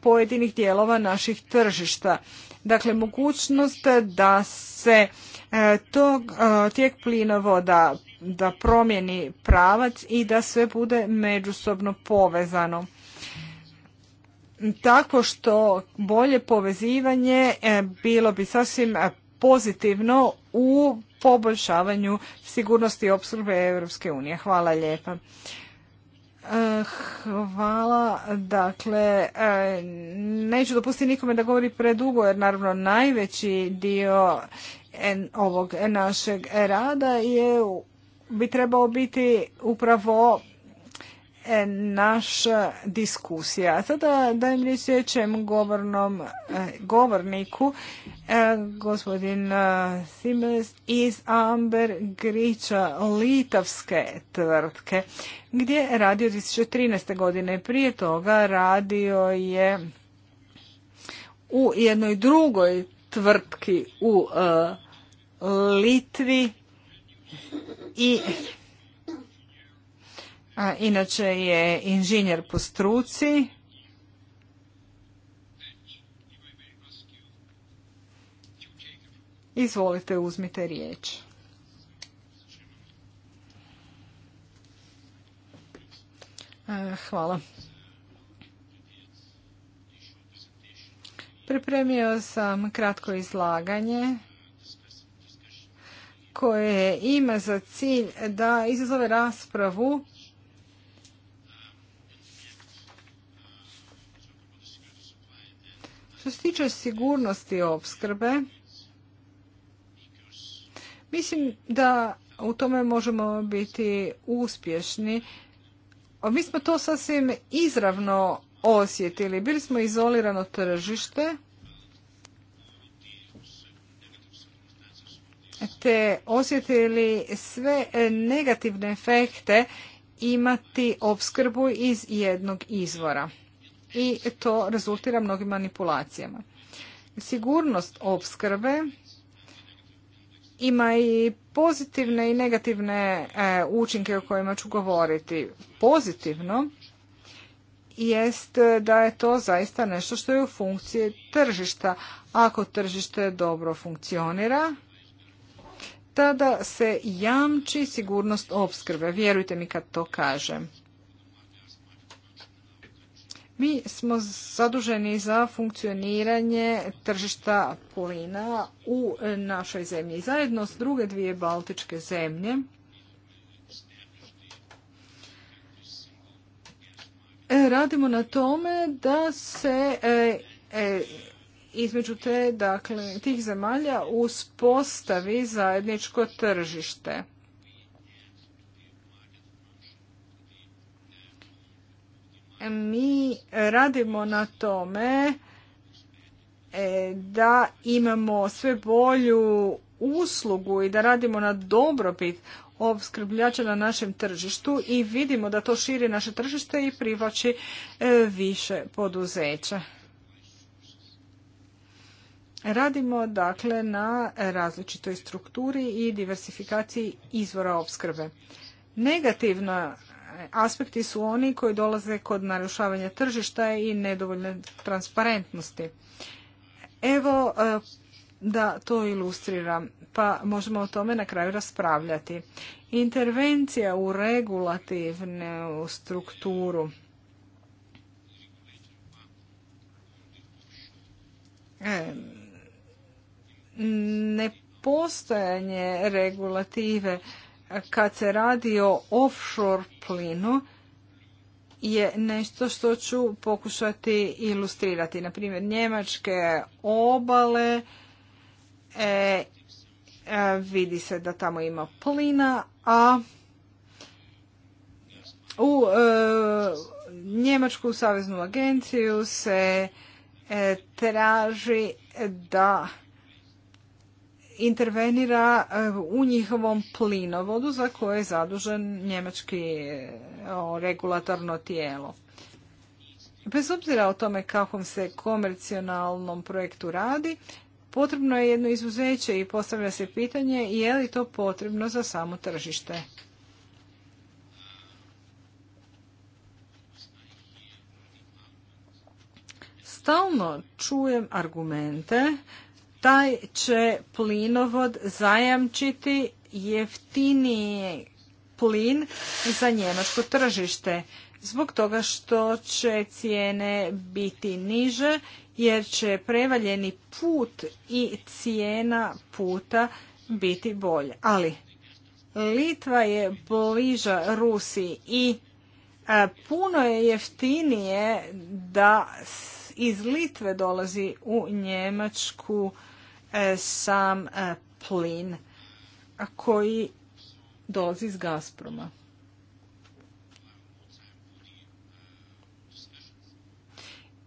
pojedinih dijelova naših tržišta. Dakle, mogućnost da se E, tog, e, tijek plinovoda da promijeni pravac i da sve bude međusobno povezano tako što bolje povezivanje e, bilo bi sasvim pozitivno u poboljšavanju sigurnosti opskrbe Europske unije. Hvala lijepa. Hvala. Dakle, neću dopustiti nikome da govori predugo jer naravno najveći dio ovog našeg rada je, bi trebao biti upravo e, naša diskusija. A sada dajem li govornom, e, govorniku, e, gospodin Simens iz Amber Grića, litavske tvrtke, gdje je radio 2013. godine. Prije toga radio je u jednoj drugoj tvrtki u Litvi i inače je inženjer po struci. Izvolite, uzmite riječ. E, hvala. Pripremio sam kratko izlaganje koje ima za cilj da izazove raspravu Što se tiče sigurnosti opskrbe, mislim da u tome možemo biti uspješni. Mi smo to sasvim izravno osjetili. Bili smo izolirano tržište te osjetili sve e, negativne efekte imati opskrbu iz jednog izvora. I to rezultira mnogim manipulacijama. Sigurnost opskrbe ima i pozitivne i negativne e, učinke o kojima ću govoriti. Pozitivno jest da je to zaista nešto što je u funkciji tržišta. Ako tržište dobro funkcionira, tada se jamči sigurnost opskrbe. Vjerujte mi kad to kažem. Mi smo zaduženi za funkcioniranje tržišta polina u našoj zemlji. Zajedno s druge dvije baltičke zemlje e, radimo na tome da se e, e, između te, dakle, tih zemalja uspostavi zajedničko tržište. Mi radimo na tome e, da imamo sve bolju uslugu i da radimo na dobrobit opskrbljača na našem tržištu i vidimo da to širi naše tržište i privlači e, više poduzeća. Radimo dakle na različitoj strukturi i diversifikaciji izvora opskrbe. Negativni aspekti su oni koji dolaze kod narušavanja tržišta i nedovoljne transparentnosti. Evo e, da to ilustriram, pa možemo o tome na kraju raspravljati. Intervencija u regulativnu strukturu e, nepostojanje regulative kad se radi o offshore plinu je nešto što ću pokušati ilustrirati. Na primjer, njemačke obale e, e, vidi se da tamo ima plina, a u e, Njemačku saveznu agenciju se e, traži da intervenira eh, u njihovom plinovodu za koje je zadužen njemački eh, regulatorno tijelo. Bez obzira o tome kakvom se komercionalnom projektu radi, potrebno je jedno izuzeće i postavlja se pitanje je li to potrebno za samo tržište. Stalno čujem argumente taj će plinovod zajamčiti jeftiniji plin za njemačko tržište zbog toga što će cijene biti niže jer će prevaljeni put i cijena puta biti bolje. Ali Litva je bliža Rusiji i e, puno je jeftinije da iz Litve dolazi u Njemačku E, sam e, plin koji dolazi iz Gazproma.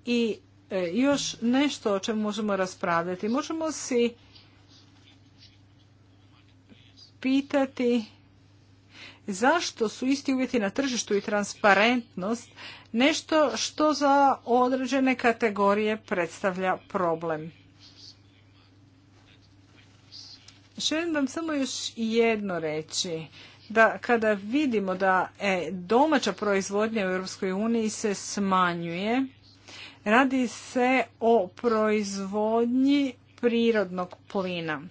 I e, još nešto o čemu možemo raspravljati. Možemo si pitati zašto su isti uvjeti na tržištu i transparentnost nešto što za određene kategorije predstavlja problem. Želim vam samo još jedno reći da kada vidimo da e, domaća proizvodnja u Europskoj uniji se smanjuje, radi se o proizvodnji prirodnog plina.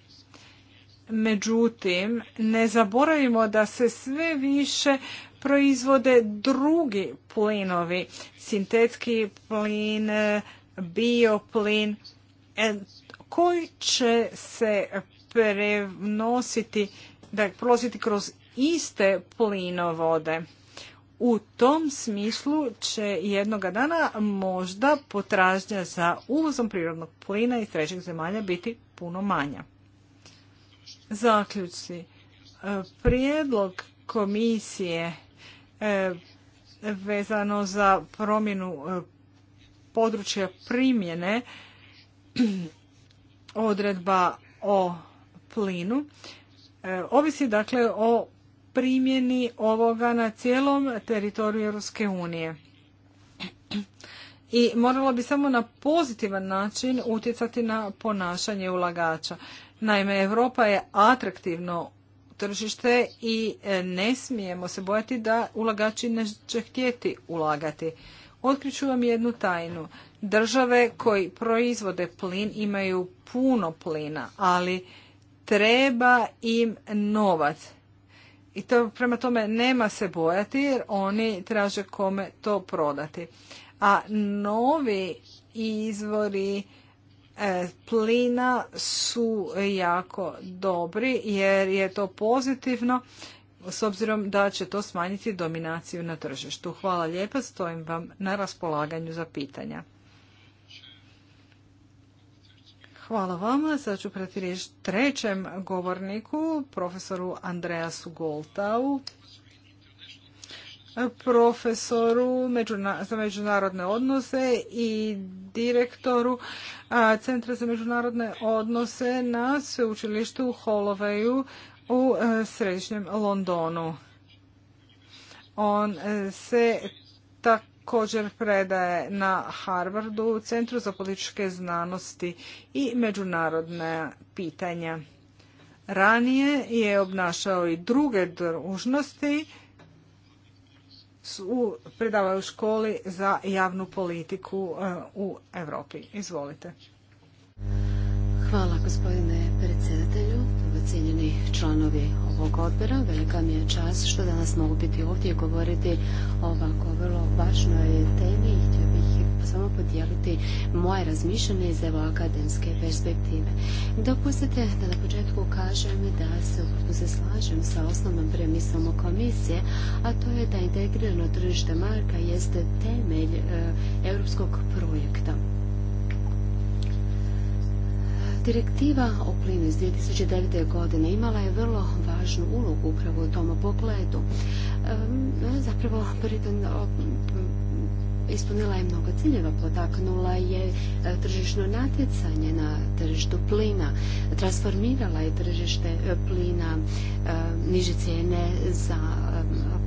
Međutim, ne zaboravimo da se sve više proizvode drugi plinovi, sintetski plin, bioplin, e, koji će se prenositi, da prolaziti kroz iste plinovode. U tom smislu će jednoga dana možda potražnja za uvozom prirodnog plina iz trećeg zemalja biti puno manja. Zaključci. E, prijedlog komisije e, vezano za promjenu e, područja primjene <clears throat> odredba o plinu e, ovisi dakle o primjeni ovoga na cijelom teritoriju Europske unije. I moralo bi samo na pozitivan način utjecati na ponašanje ulagača. Naime, Europa je atraktivno tržište i e, ne smijemo se bojati da ulagači neće htjeti ulagati. Otkriću vam jednu tajnu. Države koji proizvode plin imaju puno plina, ali treba im novac. I to prema tome nema se bojati jer oni traže kome to prodati. A novi izvori e, plina su jako dobri jer je to pozitivno s obzirom da će to smanjiti dominaciju na tržištu. Hvala lijepa, stojim vam na raspolaganju za pitanja. Hvala vama. Sad ću prati riječ trećem govorniku, profesoru Andreasu Goltau, profesoru za međunarodne odnose i direktoru Centra za međunarodne odnose na sveučilištu u u e, središnjem Londonu. On e, se tako također predaje na Harvardu, Centru za političke znanosti i međunarodne pitanja. Ranije je obnašao i druge dužnosti, u predavaju školi za javnu politiku e, u Europi. Izvolite. Hvala gospodine predsjedatelju cijenjeni članovi ovog odbora. Velika mi je čast što danas mogu biti ovdje i govoriti o ovako vrlo važnoj temi i htio bih samo podijeliti moje razmišljanje iz evo akademske perspektive. Dopustite da na početku kažem da se u se slažem sa osnovnom premisom komisije, a to je da integrirano tržište marka jeste temelj e, europskog projekta Direktiva o plinu iz 2009. godine imala je vrlo važnu ulogu upravo u tom pogledu. Zapravo, ispunila je mnogo ciljeva, potaknula je e, tržišno natjecanje na tržištu plina, transformirala je tržište e, plina e, niže cijene za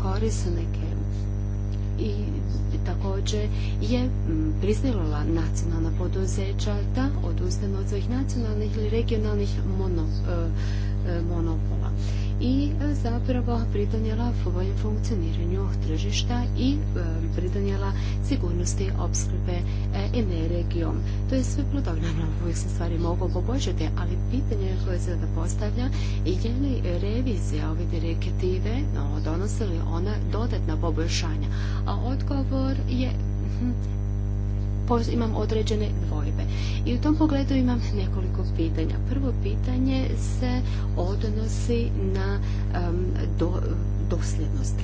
korisnike i također je mm, prisilila nacionalna poduzeća da odustanu od svojih nacionalnih ili regionalnih e, e, monopola i e, zapravo pridonjela funkcioniranju tržišta i e, pridonijela sigurnosti opskrbe e, energijom. To je sve plodovno, uvijek se stvari mogu poboljšati, ali pitanje koje se da postavlja je li revizija ove direktive donosila li ona dodatna poboljšanja? A odgovor je hm, imam određene dvojbe. I u tom pogledu imam nekoliko pitanja. Prvo pitanje se odnosi na do, dosljednost.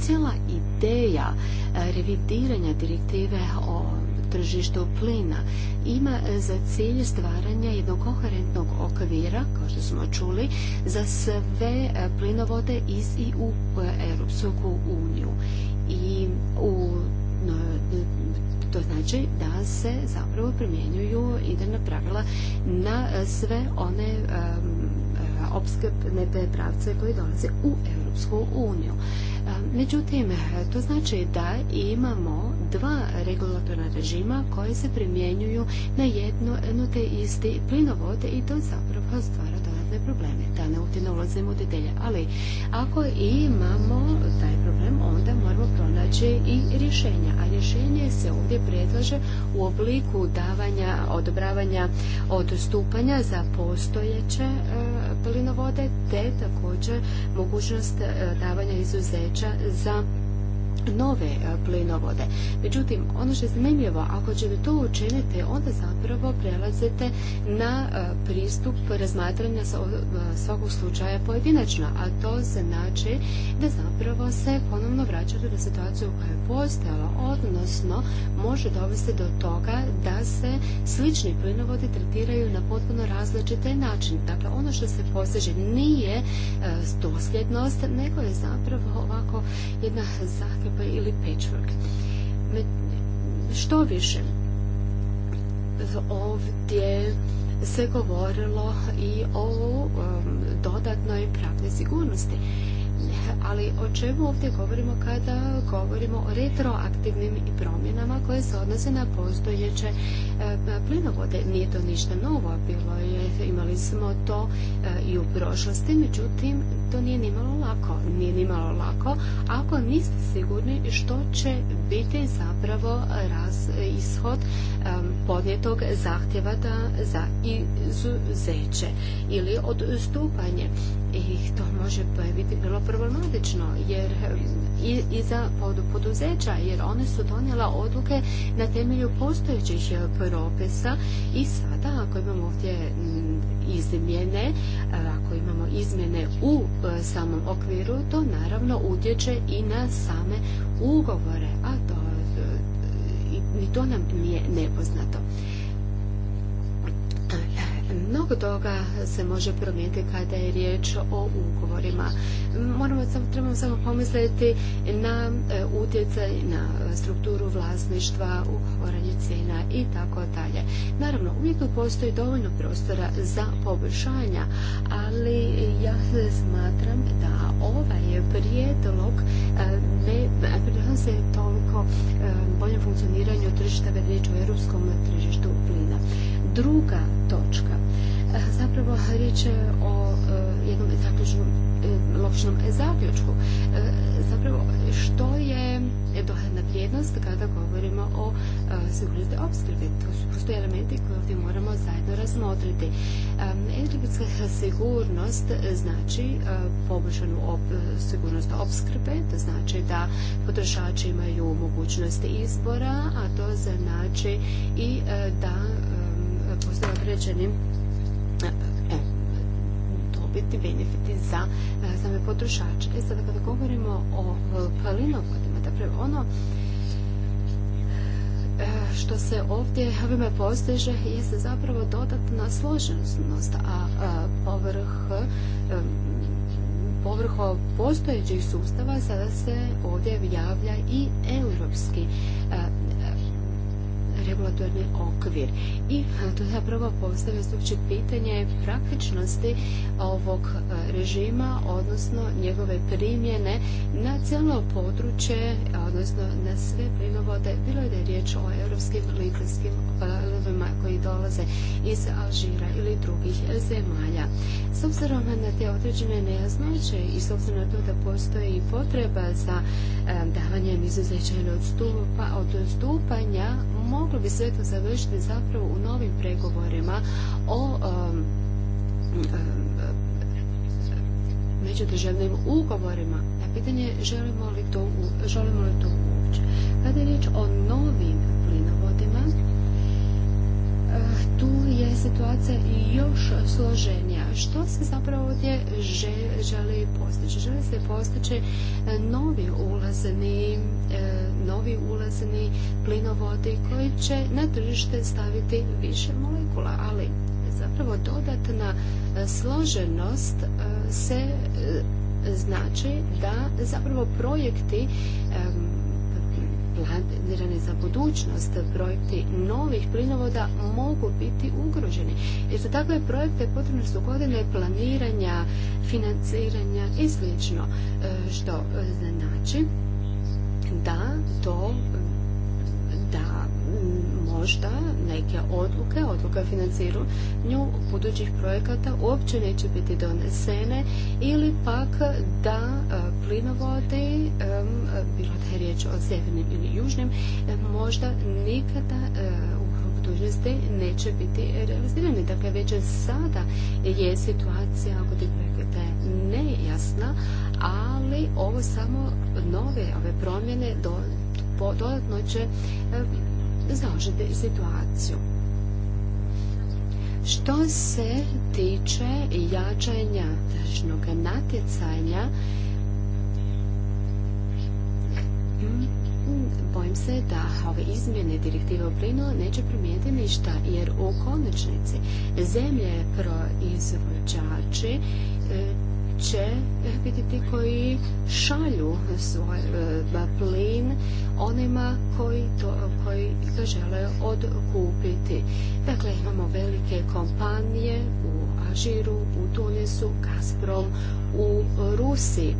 Cijela ideja e, revidiranja direktive o tržištu plina ima za cilj stvaranja jednog koherentnog okvira, kao što smo čuli, za sve e, plinovode iz i u e, Europsku uniju. I u to znači da se zapravo primjenjuju idejna pravila na e, sve one um, e, opskrbne pravce koji dolaze u Europsku uniju. Pa, međutim, to znači da imamo dva regulatorna režima koje se primjenjuju na jedno, te isti plinovode i to zapravo stvara dodatne probleme. Da ne ovdje ulazimo u ali ako imamo taj problem, onda moramo pronaći i rješenja. A rješenje se ovdje predlaže u obliku davanja, odobravanja odstupanja za postojeće e, plinovode te također mogućnost e, davanja izuzeća za nove e, plinovode. Međutim, ono što je zanimljivo, ako ćete to učiniti, onda zapravo prelazite na e, pristup razmatranja e, svakog slučaja pojedinačno, a to znači da zapravo se ponovno vraćate na situaciju koja je postojala, odnosno može dovesti do toga da se slični plinovodi tretiraju na potpuno različite način. Dakle, ono što se postiže nije dosljednost, nego je zapravo ovako jedna zahtjeva pa ili patchwork. Što više, ovdje se govorilo i o um, dodatnoj pravnoj sigurnosti ali o čemu ovdje govorimo kada govorimo o retroaktivnim promjenama koje se odnose na postojeće e, plinovode. Nije to ništa novo, bilo je, imali smo to e, i u prošlosti, međutim to nije nimalo lako. Nije malo lako ako niste sigurni što će biti zapravo raz, e, ishod podnijetog zahtjeva za izuzeće ili odstupanje i to može pa biti vrlo problematično jer e, i, i za poduzeća jer one su donijela odluke na temelju postojećih e, propisa i sada ako imamo ovdje mm, izmjene, e, ako imamo izmjene u samom okviru, to naravno utječe i na same ugovore, a to i to nam nije nepoznato. Mnogo toga se može promijeniti kada je riječ o ugovorima. Moramo samo, trebamo samo pomisliti na e, utjecaj na strukturu vlasništva, u cijena i tako dalje. Naravno, uvijek tu postoji dovoljno prostora za poboljšanja, ali ja smatram da ovaj prijedlog e, ne se toliko e, boljem funkcioniranju tržišta već je riječ o europskom tržištu plina druga točka. E, zapravo riječ je o e, jednom zaključnom, e, logičnom zaključku. Zapravo što je dohadna vrijednost kada govorimo o sigurnosti opskrbe. To su prosto elementi koje ovdje moramo zajedno razmotriti. Energetska sigurnost znači poboljšanu sigurnost opskrbe, to znači da potrošači imaju mogućnost izbora, a to znači i da postoje određeni e, e, dobiti, benefiti za e, same potrošače. E sada kada govorimo o plinovodima, dakle ono što se ovdje ovime postiže jeste zapravo dodatna složenost, a, povrh postojećih sustava sada se ovdje javlja i europski regulatorni okvir. I e, to zapravo postavlja pitanja pitanje praktičnosti ovog e, režima, odnosno njegove primjene na cijelo područje, odnosno na sve plinovode, bilo da je riječ o europskim likinskim e, lovima koji dolaze iz Alžira ili drugih zemalja. S obzirom na te određene nejasnoće i s obzirom na to da postoji potreba za davanjem izuzeća odstupanja moglo bi sve to završiti zapravo u novim pregovorima o um, um, međudržavnim ugovorima. pitanje želimo li to, želimo li to ući. Kada je riječ o novim plinovodima, eh, tu je situacija još složenija što se zapravo ovdje želi postići? Želi se postići e, novi ulazni, e, novi ulazni plinovodi koji će na tržište staviti više molekula, ali zapravo dodatna e, složenost se znači da zapravo projekti za budućnost, projekti novih plinovoda mogu biti ugroženi. Jer za takve projekte potrebne su godine planiranja, financiranja i slično. E, što e, znači da to možda neke odluke, odluke o financiranju budućih projekata uopće neće biti donesene ili pak da e, plinovodi, e, bilo da je riječ o sjevernim ili južnim, e, možda nikada u budućnosti neće biti realizirani. Dakle, već sada je situacija ako projekata nejasna, ali ovo samo nove ove promjene dodatno će zaožiti situaciju. Što se tiče jačanja tržnog natjecanja, bojim se da ove izmjene direktive o plinu neće promijeniti ništa, jer u konačnici zemlje proizvođači će eh, biti ti koji šalju eh, svoj eh, plin onima koji to, koji to žele odkupiti. Dakle, imamo velike kompanije u Ažiru, u Tunisu, Gazprom, u Rusiji.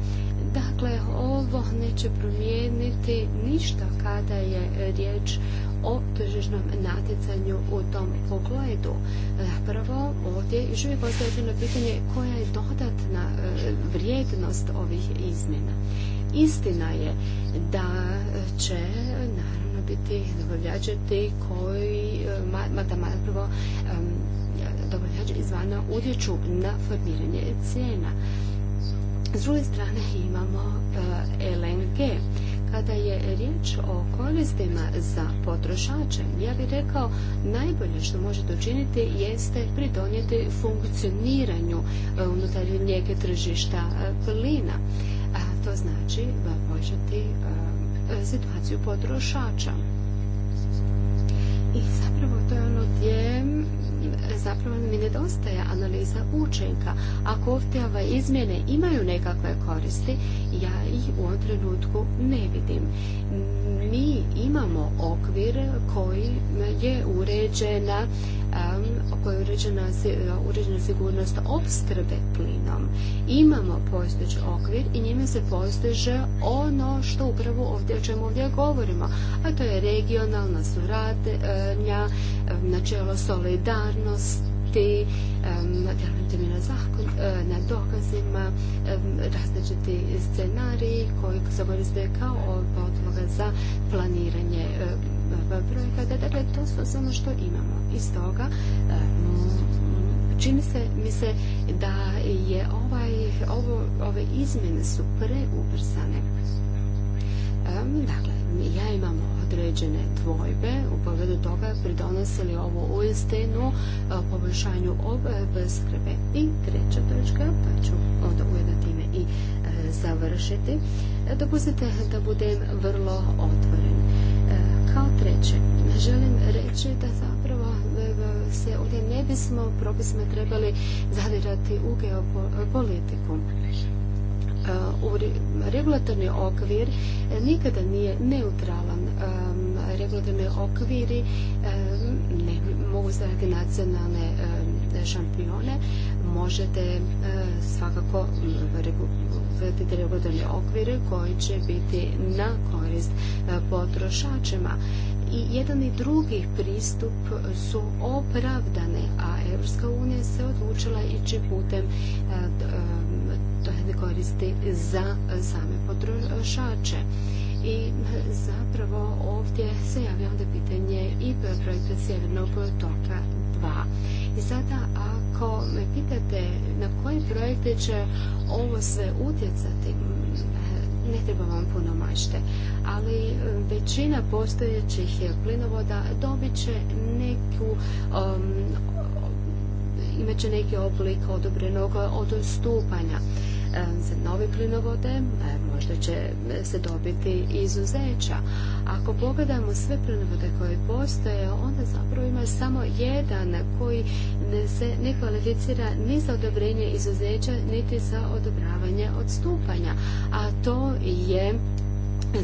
Dakle, ovo neće promijeniti ništa kada je riječ o tržišnom natjecanju u tom pogledu. E, prvo, ovdje još uvijek ostaje pitanje koja je dodatna e, vrijednost ovih izmjena. Istina je da će, naravno, biti dobavljači ti koji, mada e, ma, prvo, dobavljači izvana utječu na formiranje cijena s druge strane imamo e, LNG. Kada je riječ o koristima za potrošače, ja bih rekao najbolje što možete učiniti jeste pridonijeti funkcioniranju e, unutar njege tržišta e, plina. A to znači početi situaciju potrošača. I zapravo to je ono gdje zapravo mi nedostaje analiza učenka. Ako ovdje ove izmjene imaju nekakve koristi, ja ih u ovom trenutku ne vidim. Mi imamo okvir koji je uređena kako je e, uređena, sigurnost opskrbe plinom. Imamo postojeći okvir i njime se postiže ono što upravo ovdje, o čemu ovdje govorimo, a to je regionalna suradnja, e, načelo solidarnosti, e, na, dokazima, različiti scenariji koji se koriste kao podloga za planiranje da Dakle, to su ono što imamo. Iz toga e, čini se mi se da je ovaj, ovo, ove izmjene su preubrzane. E, dakle, ja imam određene dvojbe u pogledu toga pridonosili li ovo istinu e, poboljšanju skrbe. I treća točka, pa ću onda ujedno time i završiti. Dopustite da budem vrlo otvoren kao treće, želim reći da zapravo e, e, se ovdje ne bismo propisima trebali zadirati u geopolitiku. E, regulatorni okvir nikada nije neutralan. Regulatorni okviri ne mogu staviti nacionalne šampione, možete e, svakako uvediti regulatorne okvire koji će biti na korist e, potrošačima. I jedan i drugi pristup su opravdane, a Europska unija se odlučila ići putem e, koristi za same potrošače. I zapravo ovdje se javlja onda pitanje i projekta Sjevernog toka 2. I sada ako me pitate na koje projekte će ovo sve utjecati, ne treba vam puno mašte, ali većina postojećih plinovoda dobit će neku um, imat će neki oblik odobrenog odstupanja za nove plinovode, možda će se dobiti izuzeća. Ako pogledamo sve plinovode koje postoje, onda zapravo ima samo jedan koji ne se ne kvalificira ni za odobrenje izuzeća, niti za odobravanje odstupanja. A to je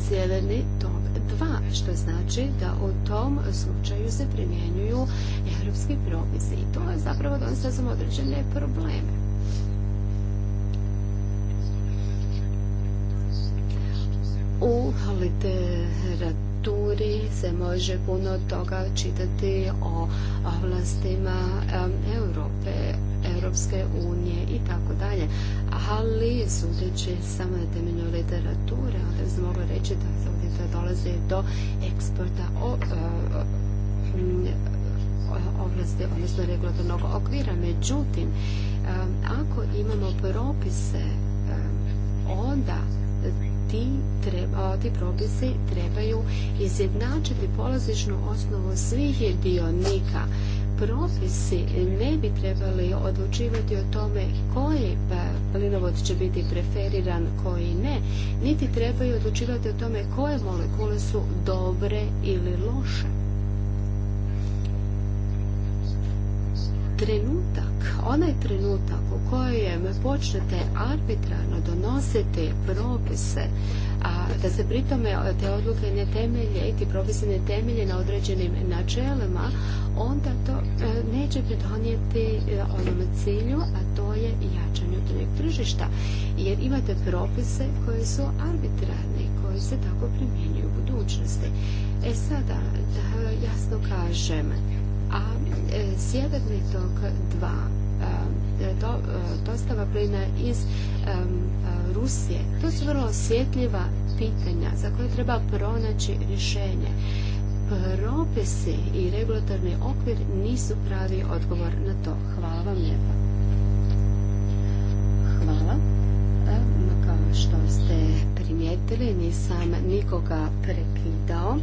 zeleni tok dva, što znači da u tom slučaju se primjenjuju europski propisi. I to je zapravo donosimo određene probleme. U literaturi se može puno toga čitati o ovlastima Europe, Europske unije i tako dalje. Ali sudeći samo na temelju literature, onda bi se moglo reći da se ovdje dolazi do eksporta o, e, o, ovlasti, odnosno regulatornog okvira. Međutim, ako imamo propise, onda ti, treba, ti propisi trebaju izjednačiti polazišnu osnovu svih dionika propisi ne bi trebali odlučivati o tome koji plinovod pa, će biti preferiran, koji ne, niti trebaju odlučivati o tome koje molekule su dobre ili loše. trenutak, onaj trenutak u kojem počnete arbitrarno donositi propise, a da se pritome te odluke ne temelje i ti propise ne temelje na određenim načelima, onda to e, neće pridonijeti e, onom cilju, a to je jačanju tog tržišta. Jer imate propise koje su arbitrarni, koji se tako primjenjuju u budućnosti. E sada, jasno kažem, a e, sjeverni tok 2 e, e, dostava plina iz Rusije. To su vrlo osjetljiva pitanja za koje treba pronaći rješenje. Propisi i regulatorni okvir nisu pravi odgovor na to. Hvala vam lijepa. Hvala. kao što ste primijetili, nisam nikoga prekidao.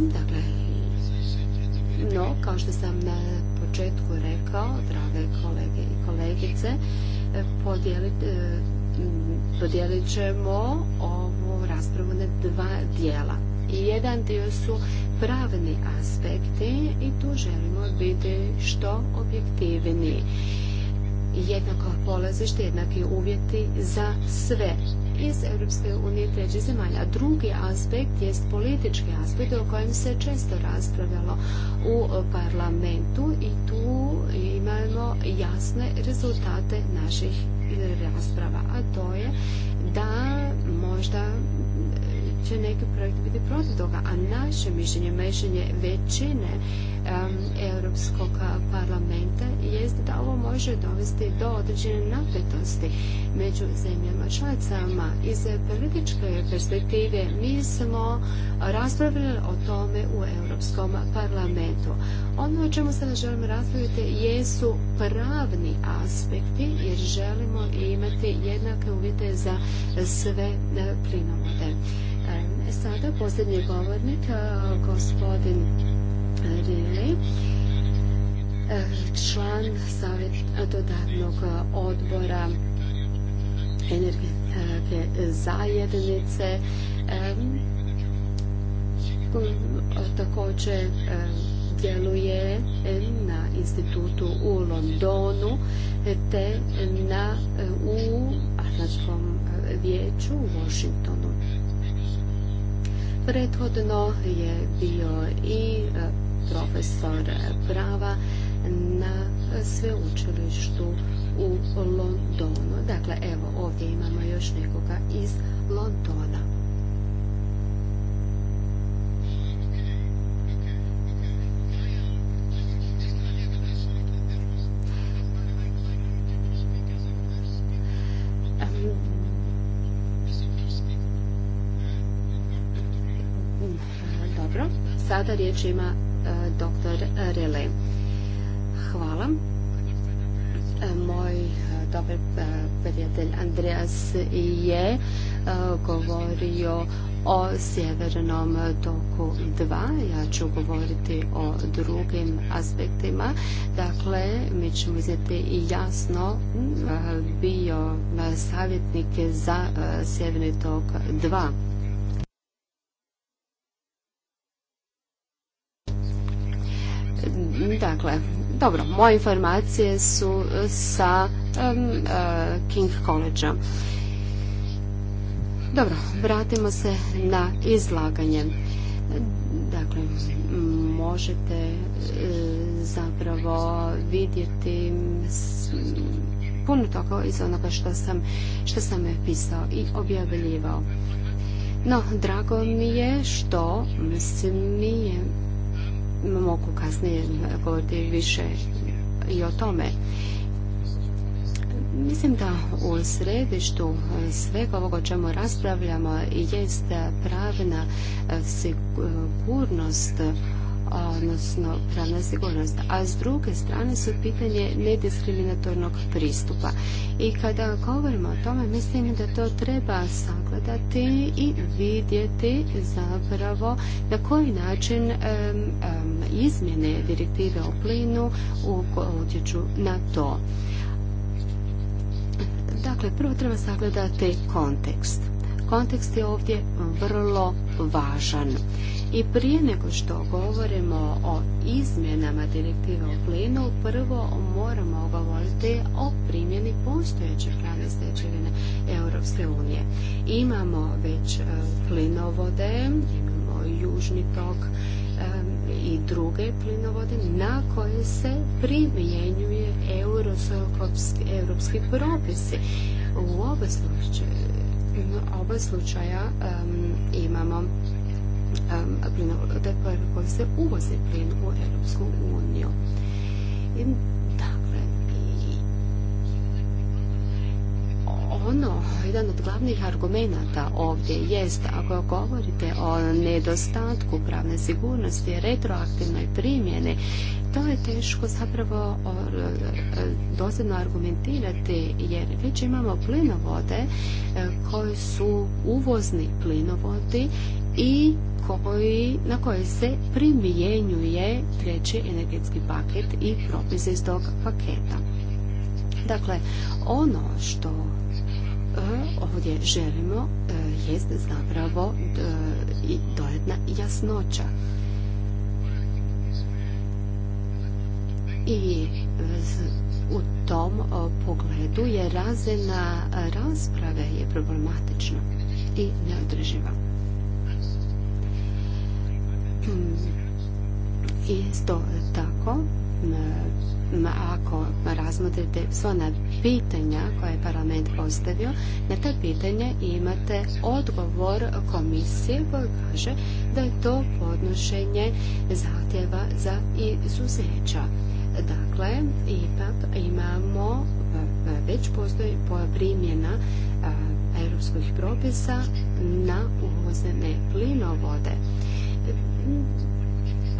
Dakle, no, kao što sam na početku rekao, drage kolege i kolegice, e, e, podijelit, ćemo ovu raspravu na dva dijela. Jedan dio su pravni aspekti i tu želimo biti što objektivniji jednako polazište, jednaki uvjeti za sve iz Europske unije i trećih zemalja. Drugi aspekt jest politički aspekt o kojem se često raspravljalo u parlamentu i tu imamo jasne rezultate naših rasprava, a to je da možda će neki projekt biti protiv toga, a naše mišljenje, mišljenje većine Europskog parlamenta jest da ovo može dovesti do određene napetosti među zemljama članicama. Iz političke perspektive mi smo raspravljali o tome u Europskom parlamentu. Ono o čemu sada želimo raspraviti jesu pravni aspekti jer želimo imati jednake uvjete za sve plinovode sada posljednji govornik, gospodin Rili, e, član savjeta dodatnog odbora energetske zajednice, e, također e, djeluje na institutu u Londonu te na u Atlantskom vijeću u Washingtonu. Prethodno je bio i e, profesor prava na sveučilištu u Londonu. Dakle, evo ovdje imamo još nekoga iz Londona. Riječ ima e, doktor Rele. Hvala. E, moj e, dobar prijatelj Andreas je govorio o sjevernom toku 2. Ja ću govoriti o drugim aspektima. Dakle, mi ćemo i jasno bio savjetnik za sjeverni tok 2 Dakle, dobro, moje informacije su e, sa e, King College-a. Dobro, vratimo se na izlaganje. Dakle, možete e, zapravo vidjeti puno toga iz onoga što sam, što sam pisao i objavljivao. No, drago mi je što je mogu kasnije govoriti više i o tome. Mislim da u središtu e, svega ovoga o čemu raspravljamo jest pravna e, sigurnost odnosno pravna sigurnost. A s druge strane su pitanje nediskriminatornog pristupa. I kada govorimo o tome, mislim da to treba sagledati i vidjeti zapravo na koji način izmjene direktive o plinu utječu na to. Dakle, prvo treba sagledati kontekst. Kontekst je ovdje vrlo važan. I prije nego što govorimo o izmjenama direktive o plinu, prvo moramo govoriti o primjeni postojeće pravne stečevine Europske unije. Imamo već e, plinovode, imamo južni tok e, i druge plinovode na koje se primjenjuje europski propisi. U oba slučaje oba slučaja um, imamo um, plinovode koji se uvozi plin u Europsku uniju. I ono, jedan od glavnih argumenata ovdje jest, ako govorite o nedostatku pravne sigurnosti, retroaktivnoj primjene, to je teško zapravo e, dosadno argumentirati, jer već imamo plinovode e, koji su uvozni plinovodi i koji, na koje se primjenjuje treći energetski paket i propise iz tog paketa. Dakle, ono što ovdje želimo e, jest zapravo e, i dojedna jasnoća. I e, u tom pogledu je razina rasprave je problematična i neodrživa. Mm, I to tako ako razmotrite sva na pitanja koje je parlament postavio, na ta pitanja imate odgovor komisije koja kaže da je to podnošenje zahtjeva za izuzeća. Dakle, ipak imamo, e, već postoji primjena e, europskih propisa na uvozene plinovode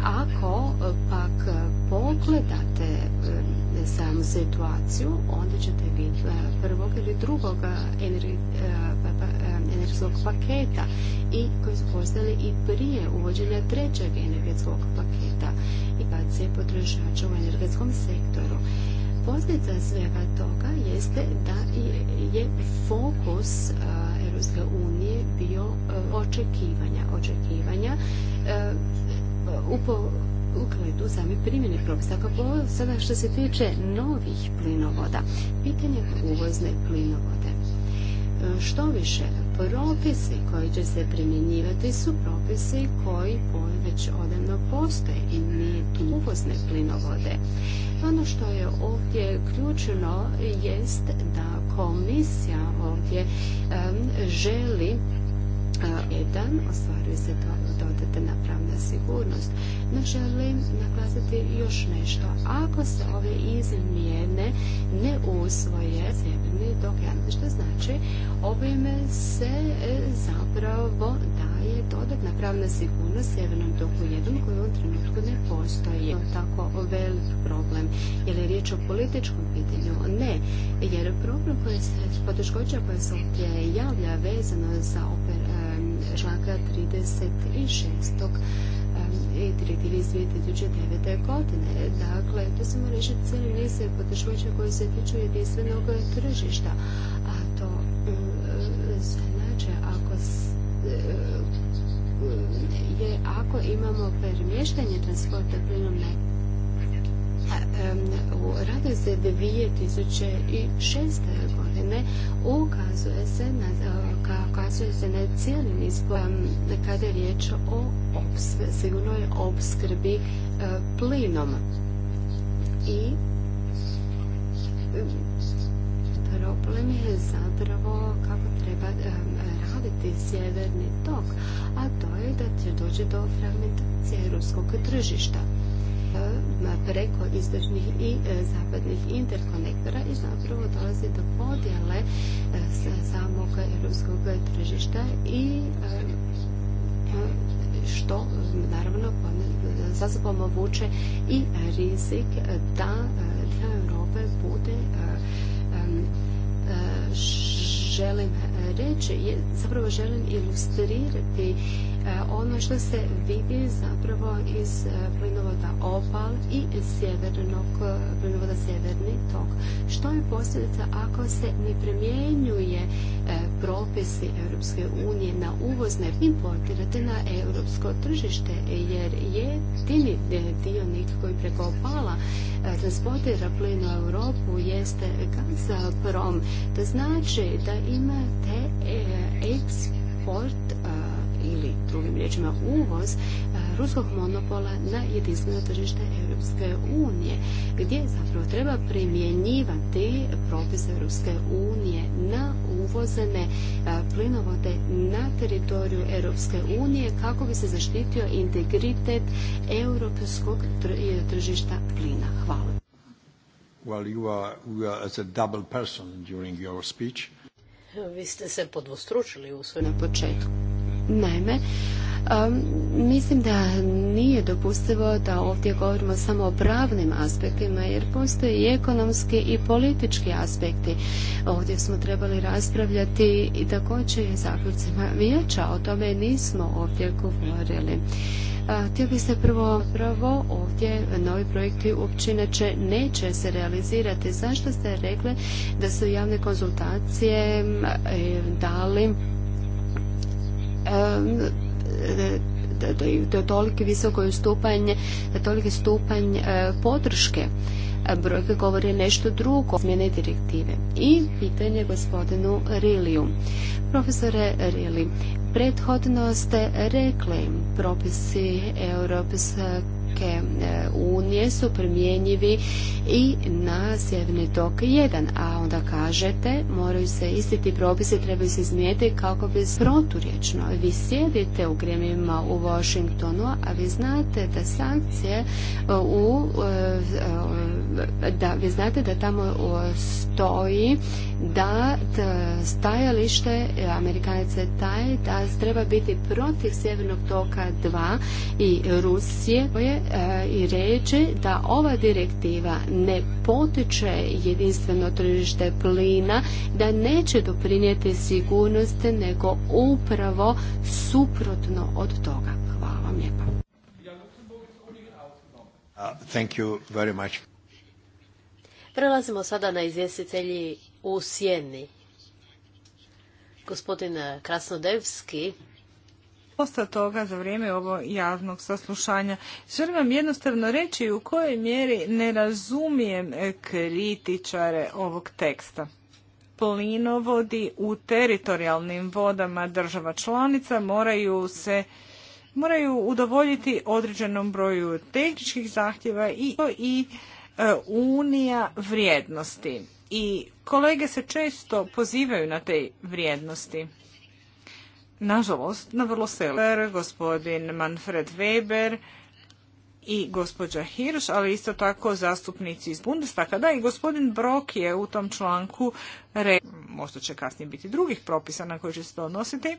ako e, pak e, pogledate e, samu situaciju, onda ćete vidjeti prvog ili drugog pa, pa, energetskog paketa i koji su postali i prije uvođenja trećeg energetskog paketa i se potrošača u energetskom sektoru. Posljedica svega toga jeste da je fokus Europske unije bio očekivanja, očekivanja Uh, u sami same primjene propisa. sada što se tiče novih plinovoda, pitanje uvozne plinovode. Uh, što više, propisi koji će se primjenjivati su propisi koji već odavno postoje i nije uvozne plinovode. Ono što je ovdje ključno jest da komisija ovdje um, želi uh, jedan, ostvaruje se to dodate na sigurnost. No želim naglasiti još nešto. Ako se ove izmjene ne usvoje dok dokument, što znači ovime se e, zapravo daje dodatna pravna sigurnost sjevernom doku jedan koji u ovom trenutku ne postoji. Tako velik problem. Je li riječ o političkom pitanju? Ne. Jer problem koji se, poteškoća koja se ovdje javlja vezano za opera članka 36 i iz 2009. godine. Dakle, to smo reći cijeli niz poteškoća koje se tiču jedinstvenog tržišta, a to mm, znači ako e, je ako imamo premještanje transporta plinom na radi se 2006. godine ukazuje se na se na cijeli niz kada je riječ o sigurnoj opskrbi e, plinom. I e, problem je zapravo kako treba e, raditi sjeverni tok, a to je da će doći do fragmentacije ruskog tržišta. E, preko istočnih i e, zapadnih interkonektora i zapravo dolazi do podjele e, samog europskog tržišta i što naravno za sobom i rizik da dio Europe bude želim reći, zapravo želim ilustrirati E, ono što se vidi zapravo iz e, plinovoda Opal i sjevernog e, plinovoda Sjeverni tok. Što je posljedica ako se ne primjenjuje propisi Europske unije na uvozne importirate na europsko tržište jer jedini dionik koji preko Opala transportira plin u Europu jeste Gazprom. To znači da imate eksport ili drugim riječima uvoz e, ruskog monopola na jedinstveno tržište Europske unije, gdje zapravo treba primjenjivati propise Europske unije na uvozene e, plinovode na teritoriju Europske unije kako bi se zaštitio integritet europskog e, tržišta plina. Hvala. Well, as a double person during your speech. Vi ste se podvostručili u na početku. Naime, mislim da nije dopustivo da ovdje govorimo samo o pravnim aspektima jer postoje i ekonomski i politički aspekti. Ovdje smo trebali raspravljati i također zaključima vijeća, o tome nismo ovdje govorili. Htio bi se prvo, prvo ovdje novi projekti općine neće, neće se realizirati. Zašto ste rekli da su javne konzultacije dali E, toliki visoko stupanj, toliki stupanj e, podrške. E, brojke govori nešto drugo, smjene direktive. I pitanje gospodinu Riliju. Profesore Rili, prethodno ste rekli propisi Europske Evropske e, unije su primjenjivi i na Sjeverni tok 1, a onda kažete moraju se isti ti propisi trebaju se izmijeniti kako bi proturječno. Vi sjedite u gremima u Washingtonu, a vi znate da sankcije e, u e, da vi znate da tamo e, stoji da stajalište Amerikanice taj da treba biti protiv Sjevernog toka 2 i Rusije koje e, i reče da ova direktiva ne potiče jedinstveno tržište plina, da neće doprinijeti sigurnosti nego upravo suprotno od toga. Hvala vam lijepa. Uh, thank you very much. Prelazimo sada na izvjestitelji u Sjeni. Gospodin Krasnodevski. Posta toga za vrijeme ovo javnog saslušanja. Želim vam jednostavno reći u kojoj mjeri ne razumijem kritičare ovog teksta. Plinovodi u teritorijalnim vodama država članica moraju se moraju udovoljiti određenom broju tehničkih zahtjeva i, i E, unija vrijednosti i kolege se često pozivaju na te vrijednosti. Nažalost, na vrlo selu. Gospodin Manfred Weber, i gospođa Hirš, ali isto tako zastupnici iz Bundestaka. Da, i gospodin Brok je u tom članku, re... možda će kasnije biti drugih propisa na koji će se to odnositi,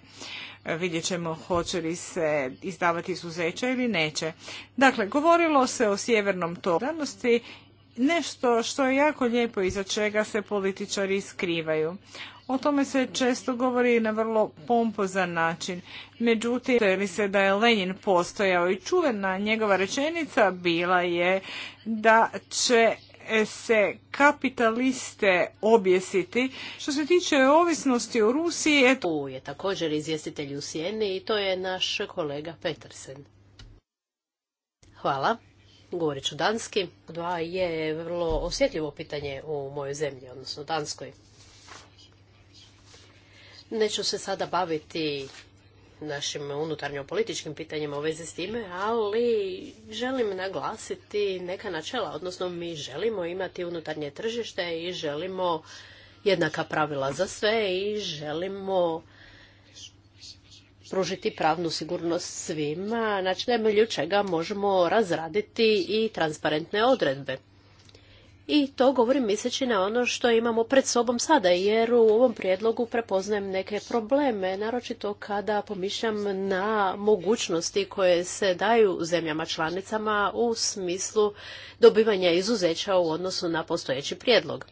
e, vidjet ćemo hoće li se izdavati izuzeća ili neće. Dakle, govorilo se o sjevernom danosti, nešto što je jako lijepo iza čega se političari skrivaju. O tome se često govori na vrlo pompozan način. Međutim, li se da je Lenin postojao i čuvena njegova rečenica bila je da će se kapitaliste objesiti. Što se tiče ovisnosti u Rusiji, Tu je također izvjestitelj u Sjeni i to je naš kolega Petersen. Hvala. Govorit ću danski. Dva je vrlo osjetljivo pitanje u mojoj zemlji, odnosno danskoj. Neću se sada baviti našim unutarnjo političkim pitanjima u vezi s time, ali želim naglasiti neka načela, odnosno mi želimo imati unutarnje tržište i želimo jednaka pravila za sve i želimo pružiti pravnu sigurnost svima, na temelju čega možemo razraditi i transparentne odredbe. I to govorim misleći na ono što imamo pred sobom sada, jer u ovom prijedlogu prepoznajem neke probleme, naročito kada pomišljam na mogućnosti koje se daju zemljama članicama u smislu dobivanja izuzeća u odnosu na postojeći prijedlog.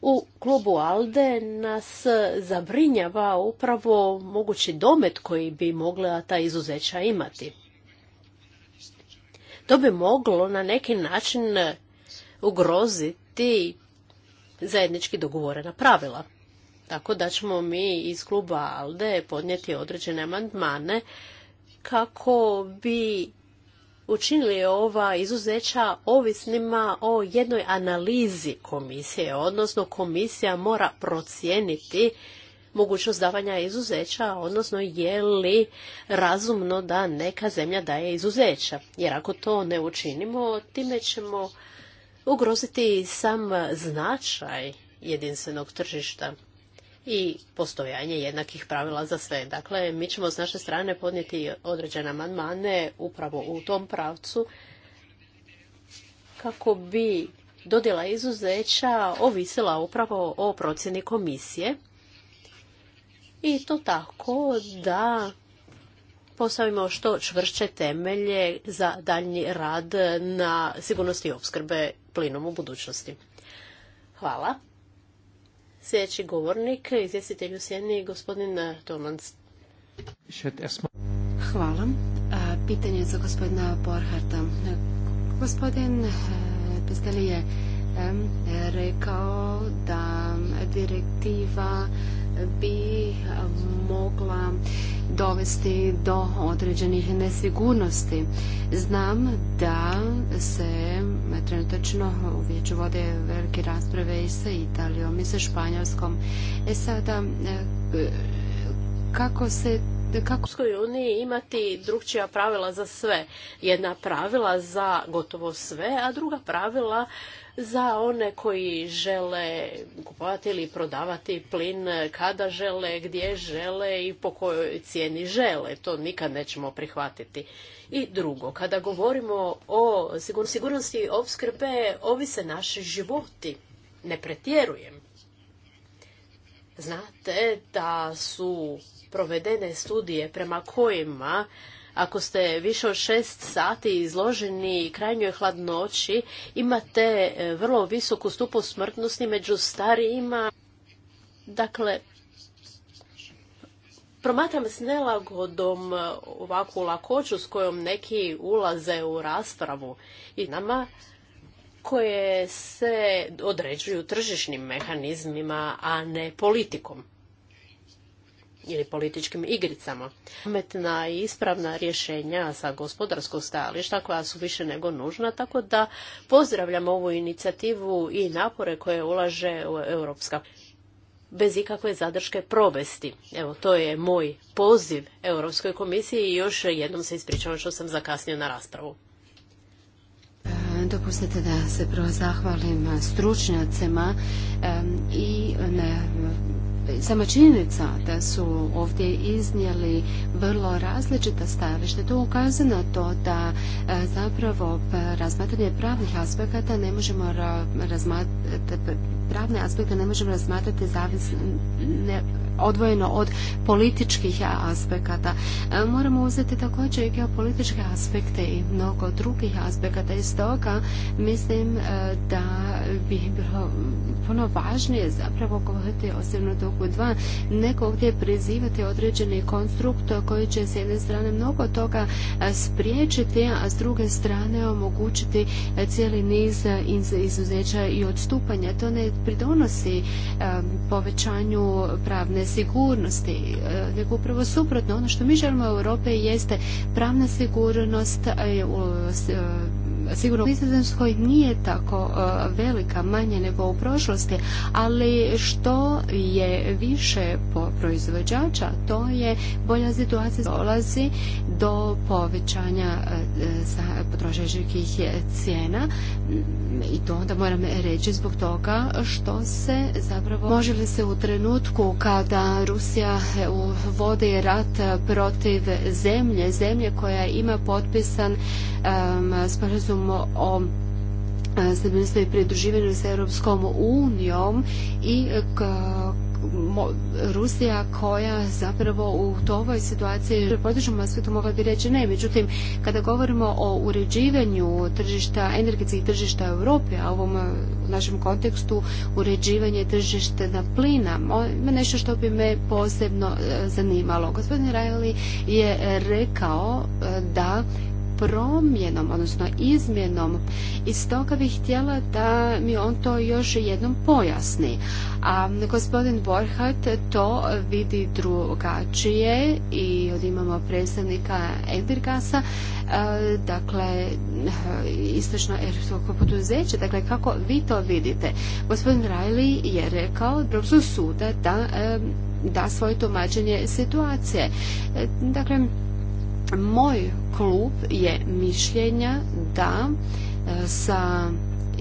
U klubu ALDE nas zabrinjava upravo mogući domet koji bi mogla ta izuzeća imati. To bi moglo na neki način ugroziti zajednički dogovorena pravila. Tako da ćemo mi iz kluba ALDE podnijeti određene amandmane kako bi učinili ova izuzeća ovisnima o jednoj analizi komisije, odnosno komisija mora procijeniti mogućnost davanja izuzeća, odnosno je li razumno da neka zemlja daje izuzeća. Jer ako to ne učinimo, time ćemo ugroziti sam značaj jedinstvenog tržišta i postojanje jednakih pravila za sve. Dakle, mi ćemo s naše strane podnijeti određene amandmane upravo u tom pravcu kako bi dodjela izuzeća ovisila upravo o procjeni komisije i to tako da postavimo što čvršće temelje za daljnji rad na sigurnosti opskrbe plinom u budućnosti. Hvala. Sljedeći govornik, izvjestitelju u sjeni, gospodin eh, Tomans. Hvala. Pitanje za gospodina Borharta. Gospodin eh, Pestelije rekao da direktiva bi eh, mogla dovesti do određenih nesigurnosti. Znam da se trenutačno u vode velike rasprave i sa Italijom i sa Španjolskom. E sada, eh, kako se kako u uniji imati drugčija pravila za sve. Jedna pravila za gotovo sve, a druga pravila za one koji žele kupovati ili prodavati plin kada žele, gdje žele i po kojoj cijeni žele. To nikad nećemo prihvatiti. I drugo, kada govorimo o sigurnosti opskrbe, ovise naši životi. Ne pretjerujem. Znate da su provedene studije prema kojima ako ste više od šest sati izloženi krajnjoj hladnoći, imate e, vrlo visoku stupu smrtnosti među starijima. Dakle, Promatram s nelagodom e, ovakvu lakoću s kojom neki ulaze u raspravu i nama koje se određuju tržišnim mehanizmima, a ne politikom ili političkim igricama. Pametna i ispravna rješenja sa gospodarskog stajališta koja su više nego nužna, tako da pozdravljam ovu inicijativu i napore koje ulaže u Europska bez ikakve zadrške provesti. Evo, to je moj poziv Europskoj komisiji i još jednom se ispričavam što sam zakasnio na raspravu. E, dopustite da se prvo zahvalim stručnjacima i na sama činjenica da su ovdje iznijeli vrlo različita stajališta, to ukazuje na to da e, zapravo razmatranje pravnih aspekata ne možemo razmatrati pravne aspekte ne možemo razmatrati odvojeno od političkih aspekata. E, moramo uzeti također i geopolitičke aspekte i mnogo drugih aspekata. I stoga mislim e, da bi bilo puno važnije zapravo govoriti o toku dva, nego gdje prizivati određeni konstrukt koji će s jedne strane mnogo toga e, spriječiti, a s druge strane omogućiti cijeli niz izuzeća i odstupanja. To ne pridonosi povećanju pravne sigurnosti, e, nego upravo suprotno. Ono što mi želimo u Europe jeste pravna sigurnost, e, sigurno u Nizozemskoj nije tako e, velika, manje nego u prošlosti, ali što je više po proizvođača, to je bolja situacija dolazi do povećanja e, potrošačkih cijena i to onda moram reći zbog toga što se zapravo može li se u trenutku kada Rusija e, vodi rat protiv zemlje, zemlje koja ima potpisan sporazum sporazum o e, stabilnosti i pridruživanju sa Europskom unijom i Rusija koja zapravo u toj situaciji sve to mogla bi reći ne. Međutim, kada govorimo o uređivanju tržišta, energetskih tržišta Europe, a u ovom e, našem kontekstu uređivanje tržišta na plina, ima nešto što bi me posebno e, zanimalo. Gospodin Rajli je rekao da promjenom, odnosno izmjenom i stoga bih htjela da mi on to još jednom pojasni. A gospodin Borhat to vidi drugačije i od imamo predstavnika Endergasa, e, dakle istočno poduzeće, dakle kako vi to vidite. Gospodin Rajli je rekao Europskog suda da e, da svoje tumačenje situacije. E, dakle, moj klub je mišljenja da e, sa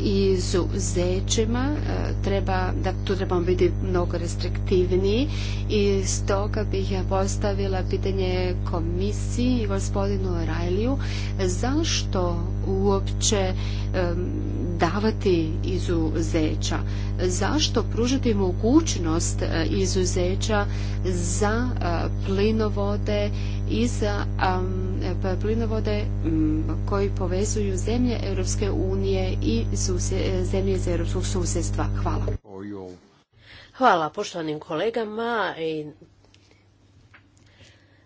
izuzećima e, treba, da tu trebamo biti mnogo restriktivniji i stoga bih ja postavila pitanje komisiji i gospodinu Rajliju zašto uopće davati izuzeća? Zašto pružiti mogućnost e, izuzeća za e, plinovode i za pa, plinovode koji povezuju zemlje Europske unije i e, zemlje iz europskog susjedstva? Hvala. Hvala poštovanim kolegama i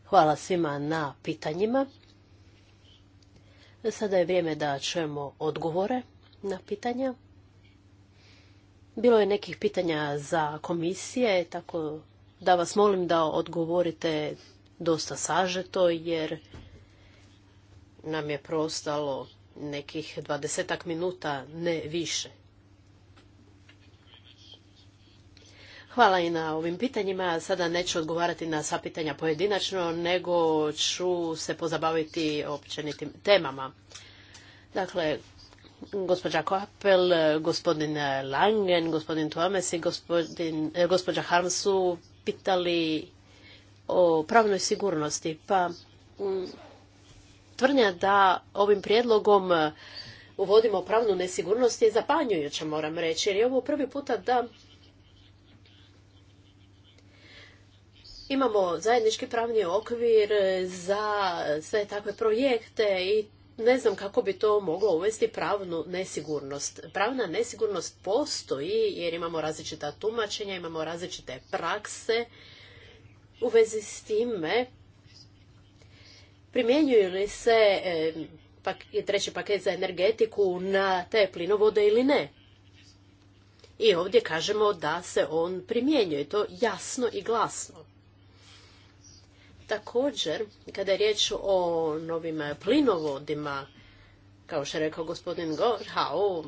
hvala svima na pitanjima. Sada je vrijeme da čujemo odgovore na pitanja. Bilo je nekih pitanja za komisije, tako da vas molim da odgovorite dosta sažeto, jer nam je prostalo nekih dvadesetak minuta, ne više. Hvala i na ovim pitanjima. Sada neću odgovarati na sva pitanja pojedinačno, nego ću se pozabaviti općenitim temama. Dakle, gospođa Koppel, gospodin Langen, gospodin Tuames i gospodin, e, Harms gospođa Harmsu pitali o pravnoj sigurnosti. Pa mm, tvrnja da ovim prijedlogom uvodimo pravnu nesigurnost je zapanjujuća, moram reći, jer je ovo prvi puta da imamo zajednički pravni okvir za sve takve projekte i ne znam kako bi to moglo uvesti pravnu nesigurnost. Pravna nesigurnost postoji jer imamo različita tumačenja, imamo različite prakse u vezi s time. Primjenjuju li se e, pak, treći paket za energetiku na te plinovode ili ne? I ovdje kažemo da se on primjenjuje, to jasno i glasno. Također, kada je riječ o novim plinovodima, kao što je rekao gospodin Gorhao,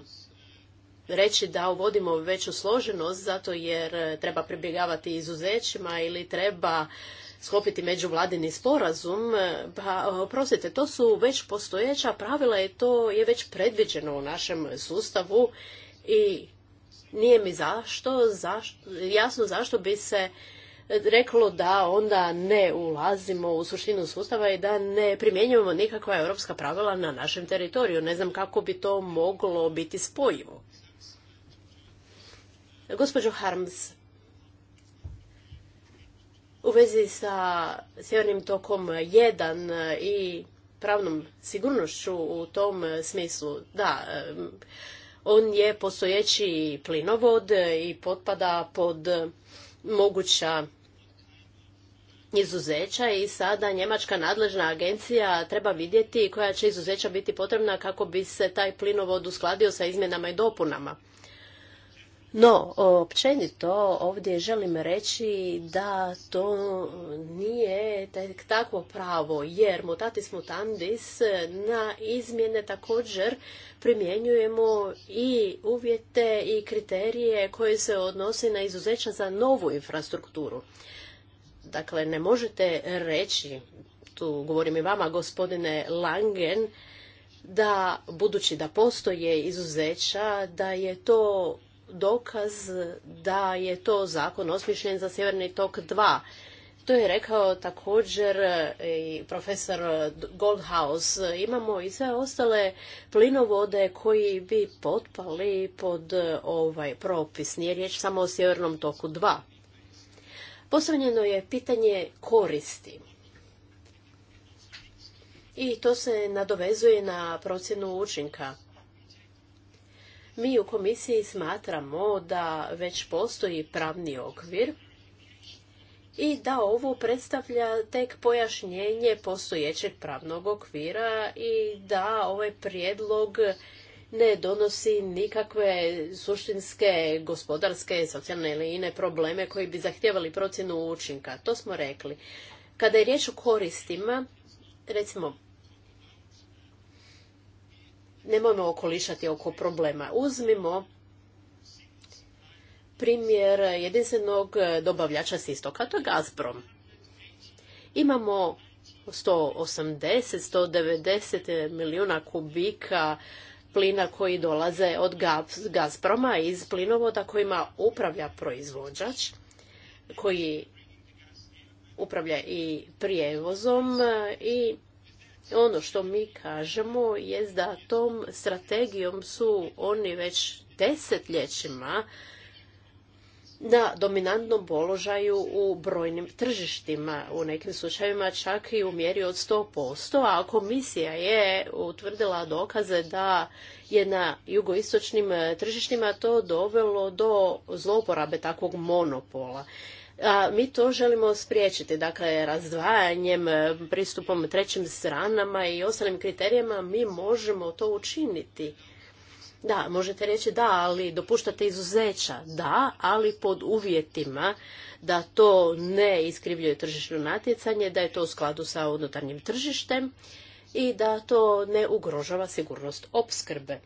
reći da uvodimo veću složenost zato jer treba pribjegavati izuzećima ili treba sklopiti međuvladini sporazum, pa oprostite, to su već postojeća pravila i to je već predviđeno u našem sustavu i nije mi zašto, zašto jasno zašto bi se reklo da onda ne ulazimo u suštinu sustava i da ne primjenjujemo nikakva europska pravila na našem teritoriju. Ne znam kako bi to moglo biti spojivo. Gospođo Harms, u vezi sa sjevernim tokom 1 i pravnom sigurnošću u tom smislu, da, on je postojeći plinovod i potpada pod moguća izuzeća i sada njemačka nadležna agencija treba vidjeti koja će izuzeća biti potrebna kako bi se taj plinovod uskladio sa izmjenama i dopunama. No, općenito ovdje želim reći da to nije tek takvo pravo, jer mutatis mutandis na izmjene također primjenjujemo i uvjete i kriterije koje se odnose na izuzeća za novu infrastrukturu. Dakle, ne možete reći, tu govorim i vama, gospodine Langen, da budući da postoje izuzeća, da je to dokaz da je to zakon osmišljen za Sjeverni tok 2. To je rekao također i profesor Goldhaus. Imamo i sve ostale plinovode koji bi potpali pod ovaj propis. Nije riječ samo o Sjevernom toku 2. Postavljeno je pitanje koristi. I to se nadovezuje na procjenu učinka. Mi u komisiji smatramo da već postoji pravni okvir i da ovo predstavlja tek pojašnjenje postojećeg pravnog okvira i da ovaj prijedlog ne donosi nikakve suštinske, gospodarske, socijalne ili ine probleme koji bi zahtjevali procjenu učinka. To smo rekli. Kada je riječ o koristima, recimo, nemojmo okolišati oko problema. Uzmimo primjer jedinstvenog dobavljača s istoka, to je Gazprom. Imamo 180-190 milijuna kubika plina koji dolaze od Gazproma iz plinovoda kojima upravlja proizvođač koji upravlja i prijevozom i ono što mi kažemo je da tom strategijom su oni već desetljećima na dominantnom položaju u brojnim tržištima, u nekim slučajevima čak i u mjeri od 100%, a komisija je utvrdila dokaze da je na jugoistočnim tržištima to dovelo do zloporabe takvog monopola. A mi to želimo spriječiti, dakle razdvajanjem, pristupom trećim stranama i ostalim kriterijama mi možemo to učiniti. Da, možete reći da, ali dopuštate izuzeća. Da, ali pod uvjetima da to ne iskrivljuje tržišno natjecanje, da je to u skladu sa unutarnjim tržištem i da to ne ugrožava sigurnost opskrbe.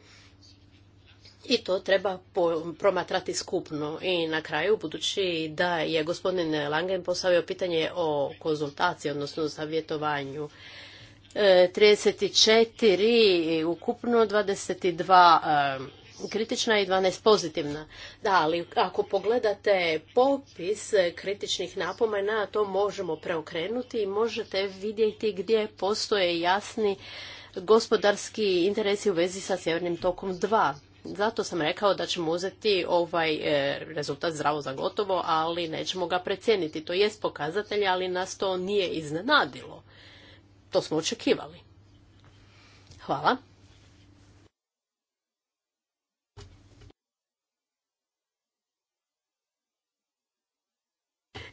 I to treba promatrati skupno. I na kraju, budući da je gospodin Langen postavio pitanje o konzultaciji, odnosno savjetovanju, 34 e, ukupno, 22 e, kritična i 12 pozitivna. Da, ali ako pogledate popis kritičnih napomena, to možemo preokrenuti i možete vidjeti gdje postoje jasni gospodarski interesi u vezi sa Sjevernim tokom 2. Zato sam rekao da ćemo uzeti ovaj e, rezultat zdravo za gotovo, ali nećemo ga precijeniti. To jest pokazatelj, ali nas to nije iznenadilo to smo očekivali. Hvala.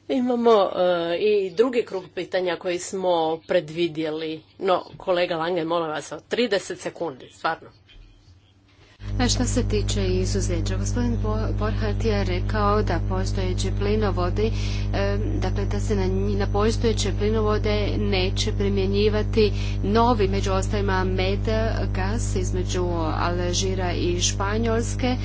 Imamo e, i drugi krug pitanja koji smo predvidjeli. No, kolega Lange, molim vas, 30 sekundi, stvarno. Što se tiče izuzeća, gospodin Borhat je rekao da postojeće plinovode, dakle da se na, postojeće plinovode neće primjenjivati novi, među ostalima med, gas između Alžira i Španjolske, e,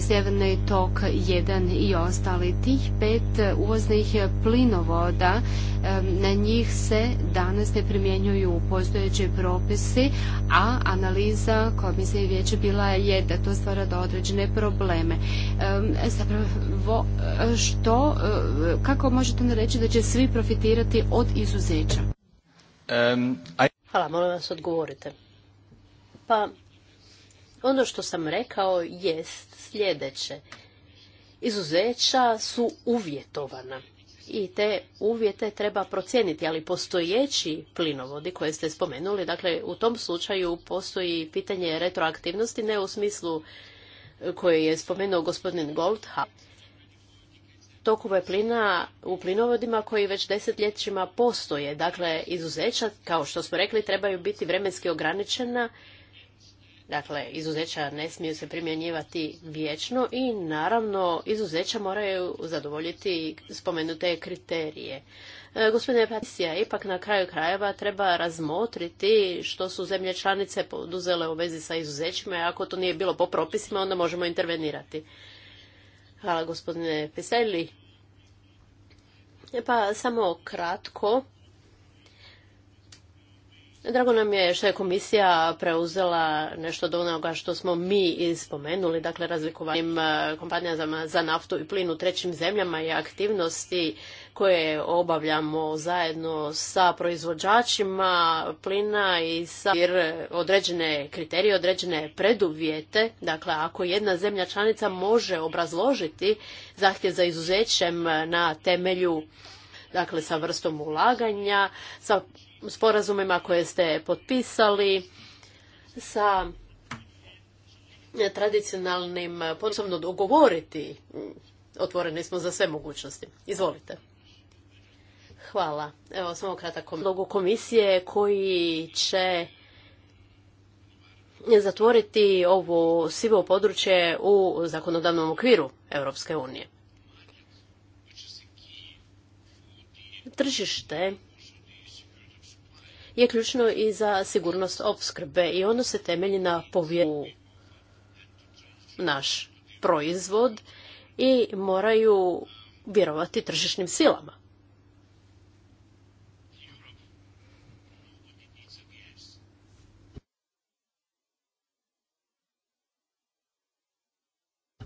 Sjeverni tok 1 i ostali. Tih pet uvoznih plinovoda, e, na njih se danas ne primjenjuju postojeći propisi, a analiza komisije vijeće bila je je da to stvara do određene probleme. Zapravo, što, e, kako možete reći da će svi profitirati od izuzeća? Hvala, molim vas odgovorite. Pa, ono što sam rekao jest sljedeće. Izuzeća su uvjetovana i te uvjete treba procijeniti, ali postojeći plinovodi koje ste spomenuli, dakle u tom slučaju postoji pitanje retroaktivnosti, ne u smislu e, koje je spomenuo gospodin Goldha. Tokove plina u plinovodima koji već desetljećima postoje. Dakle, izuzeća, kao što smo rekli, trebaju biti vremenski ograničena Dakle, izuzeća ne smiju se primjenjivati vječno i naravno izuzeća moraju zadovoljiti spomenute kriterije. E, gospodine Patisija, ipak na kraju krajeva treba razmotriti što su zemlje članice poduzele u vezi sa izuzećima i ako to nije bilo po propisima, onda možemo intervenirati. Hvala gospodine Piseli. E pa samo kratko, Drago nam je što je komisija preuzela nešto do onoga što smo mi spomenuli, dakle razlikovanjem e, kompanijama za naftu i plin u trećim zemljama i aktivnosti koje obavljamo zajedno sa proizvođačima plina i sa određene kriterije, određene preduvjete. Dakle, ako jedna zemlja članica može obrazložiti zahtjev za izuzećem na temelju dakle sa vrstom ulaganja, sa sporazumima koje ste potpisali, sa tradicionalnim, posebno dogovoriti. Otvoreni smo za sve mogućnosti. Izvolite. Hvala. Evo, samo kratak logo komisije koji će zatvoriti ovo sivo područje u zakonodavnom okviru Europske unije. Tržište je ključno i za sigurnost opskrbe i ono se temelji na povjeru naš proizvod i moraju vjerovati tržišnim silama.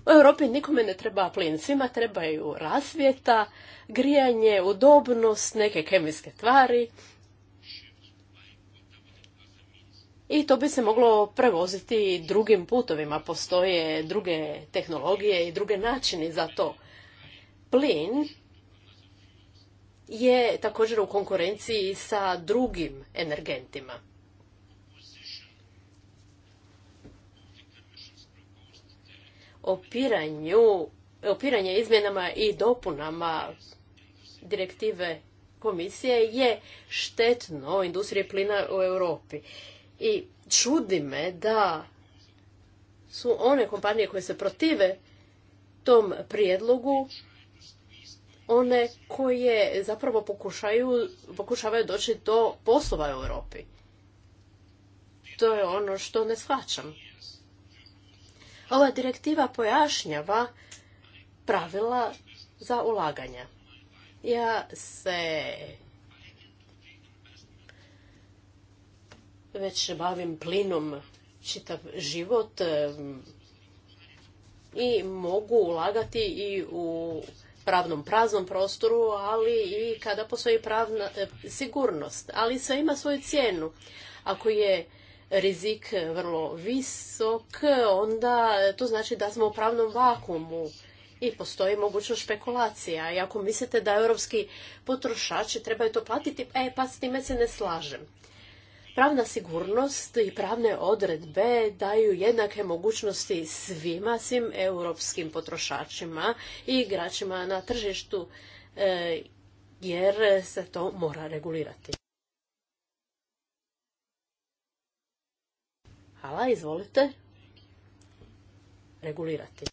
U Europi nikome ne treba plin, svima trebaju razvijeta, grijanje, udobnost, neke kemijske tvari. I to bi se moglo prevoziti drugim putovima. Postoje druge tehnologije i druge načini za to. Plin je također u konkurenciji sa drugim energentima. opiranju, opiranje izmjenama i dopunama direktive komisije je štetno industrije plina u Europi. I čudi me da su one kompanije koje se protive tom prijedlogu one koje zapravo pokušavaju doći do poslova u Europi. To je ono što ne shvaćam. Ova direktiva pojašnjava pravila za ulaganja. Ja se već bavim plinom čitav život i mogu ulagati i u pravnom praznom prostoru, ali i kada postoji pravna eh, sigurnost. Ali sve ima svoju cijenu. Ako je rizik vrlo visok, onda to znači da smo u pravnom vakumu i postoji mogućnost špekulacija. I ako mislite da europski potrošači trebaju to platiti, e pa s time se ne slažem. Pravna sigurnost i pravne odredbe daju jednake mogućnosti svima, svim europskim potrošačima i igračima na tržištu, e, jer se to mora regulirati. Hvala, izvolite. Regulirati.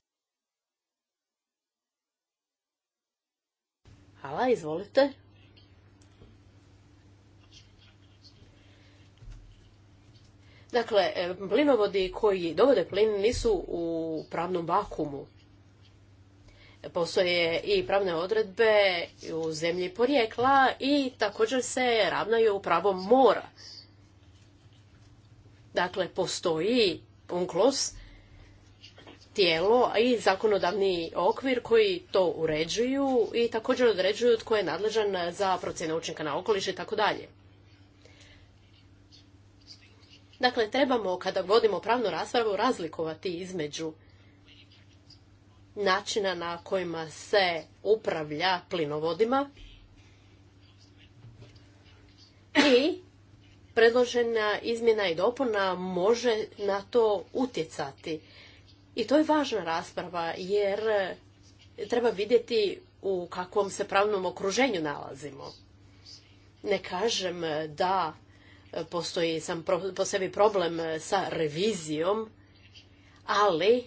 Hvala, izvolite. Dakle, e, plinovodi koji dovode plin nisu u pravnom vakumu. Postoje i pravne odredbe u zemlji porijekla i također se ravnaju u pravom mora. Dakle, postoji UNCLOS, tijelo i zakonodavni okvir koji to uređuju i također određuju tko je nadležan za procjene učinka na okoliš i tako dalje. Dakle, trebamo kada vodimo pravnu raspravu razlikovati između načina na kojima se upravlja plinovodima i predložena izmjena i dopuna može na to utjecati. I to je važna rasprava jer treba vidjeti u kakvom se pravnom okruženju nalazimo. Ne kažem da postoji sam po sebi problem sa revizijom, ali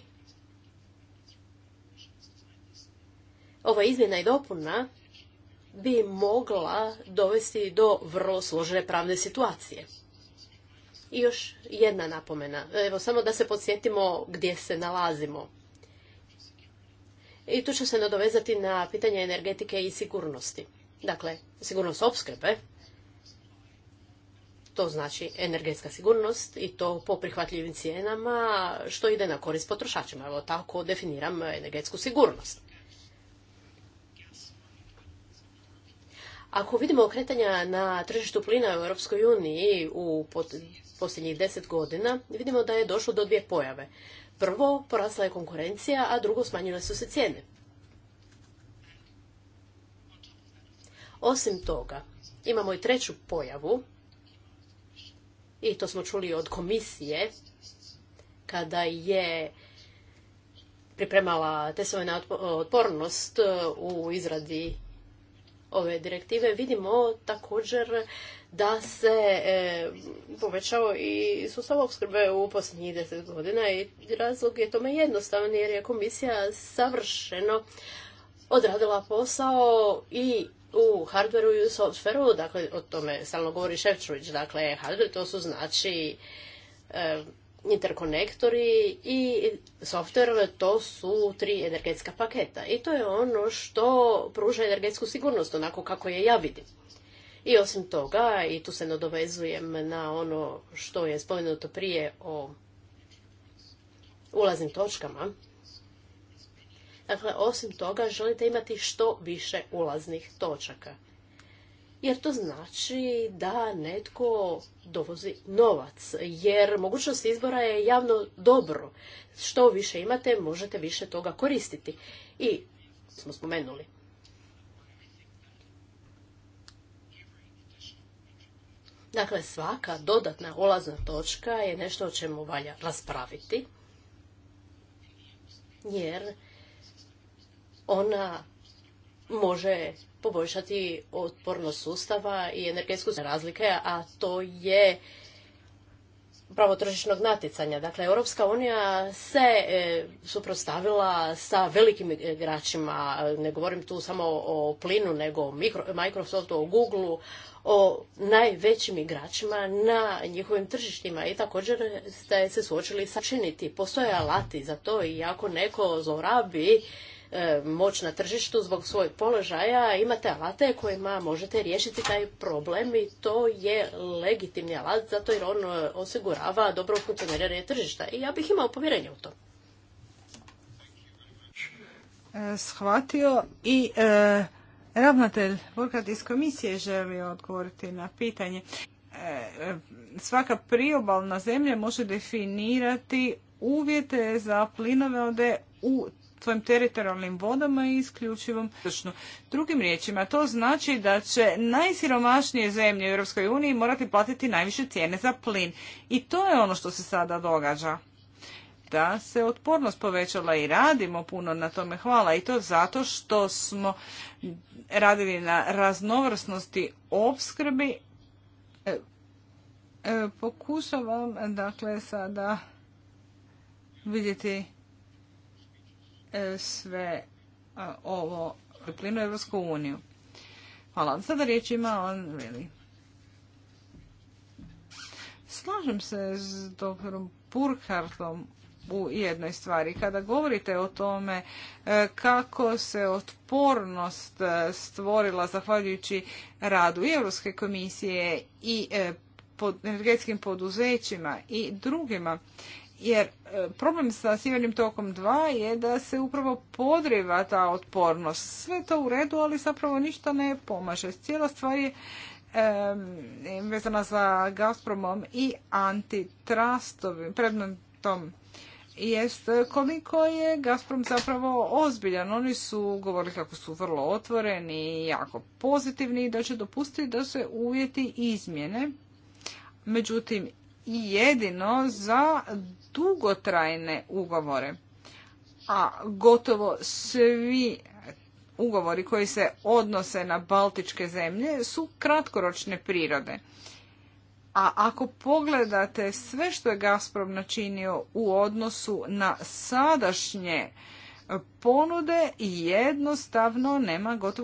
ova izmjena i dopuna bi mogla dovesti do vrlo složene pravne situacije. I još jedna napomena. Evo, samo da se podsjetimo gdje se nalazimo. I tu ću se nadovezati na pitanje energetike i sigurnosti. Dakle, sigurnost opskrbe, to znači energetska sigurnost i to po prihvatljivim cijenama što ide na korist potrošačima. Evo tako definiram energetsku sigurnost. Ako vidimo okretanja na tržištu plina u Europskoj uniji u posljednjih deset godina, vidimo da je došlo do dvije pojave. Prvo, porasla je konkurencija, a drugo, smanjile su se cijene. Osim toga, imamo i treću pojavu, i to smo čuli od komisije, kada je pripremala te svoje otpornost uh, u izradi ove direktive vidimo također da se e, povećao i sustav opskrbe u posljednjih deset godina i razlog je tome jednostavan jer je komisija savršeno odradila posao i u hardveru i u softveru, dakle o tome stalno govori Ševčović, dakle hardver to su znači e, interkonektori i software, to su tri energetska paketa. I to je ono što pruža energetsku sigurnost, onako kako je ja vidim. I osim toga, i tu se nadovezujem na ono što je spomenuto prije o ulaznim točkama. Dakle, osim toga, želite imati što više ulaznih točaka jer to znači da netko dovozi novac, jer mogućnost izbora je javno dobro. Što više imate, možete više toga koristiti. I smo spomenuli. Dakle, svaka dodatna olazna točka je nešto o čemu valja raspraviti, jer ona može poboljšati otpornost sustava i energetsku razlike, a to je pravo tržišnog natjecanja. Dakle, Europska unija se e, sa velikim igračima, ne govorim tu samo o plinu, nego o Microsoftu, o Googleu, o najvećim igračima na njihovim tržištima i također ste se suočili sačiniti. Postoje alati za to i ako neko zorabi E, moć na tržištu zbog svojeg položaja, imate alate kojima možete riješiti taj problem i to je legitimni alat zato jer on e, osigurava dobro funkcioniranje tržišta i ja bih imao povjerenje u to. E, shvatio i ravnatelj Vorkad iz komisije želi odgovoriti na pitanje. svaka priobalna zemlja može definirati uvjete za plinovode u svojim teritorijalnim vodama i isključivom Drugim riječima, to znači da će najsiromašnije zemlje u EU morati platiti najviše cijene za plin. I to je ono što se sada događa. Da se otpornost povećala i radimo puno na tome hvala i to zato što smo radili na raznovrsnosti opskrbi. E, e, pokušavam dakle sada vidjeti E, sve e, ovo plinu Evropsku uniju. Hvala. Sada riječ ima on really. Slažem se s doktorom Burkhardtom u jednoj stvari. Kada govorite o tome e, kako se otpornost stvorila zahvaljujući radu i Europske komisije i energetskim poduzećima i drugima jer e, problem sa sjevernim tokom 2 je da se upravo podriva ta otpornost. Sve to u redu, ali zapravo ništa ne pomaže. Cijela stvar je vezana za Gazpromom i antitrustovim predmetom jest koliko je Gazprom zapravo ozbiljan. Oni su govorili kako su vrlo otvoreni i jako pozitivni i da će dopustiti da se uvjeti izmjene. Međutim, i jedino za dugotrajne ugovore. A gotovo svi ugovori koji se odnose na baltičke zemlje su kratkoročne prirode. A ako pogledate sve što je Gazprom načinio u odnosu na sadašnje ponude, jednostavno nema gotovo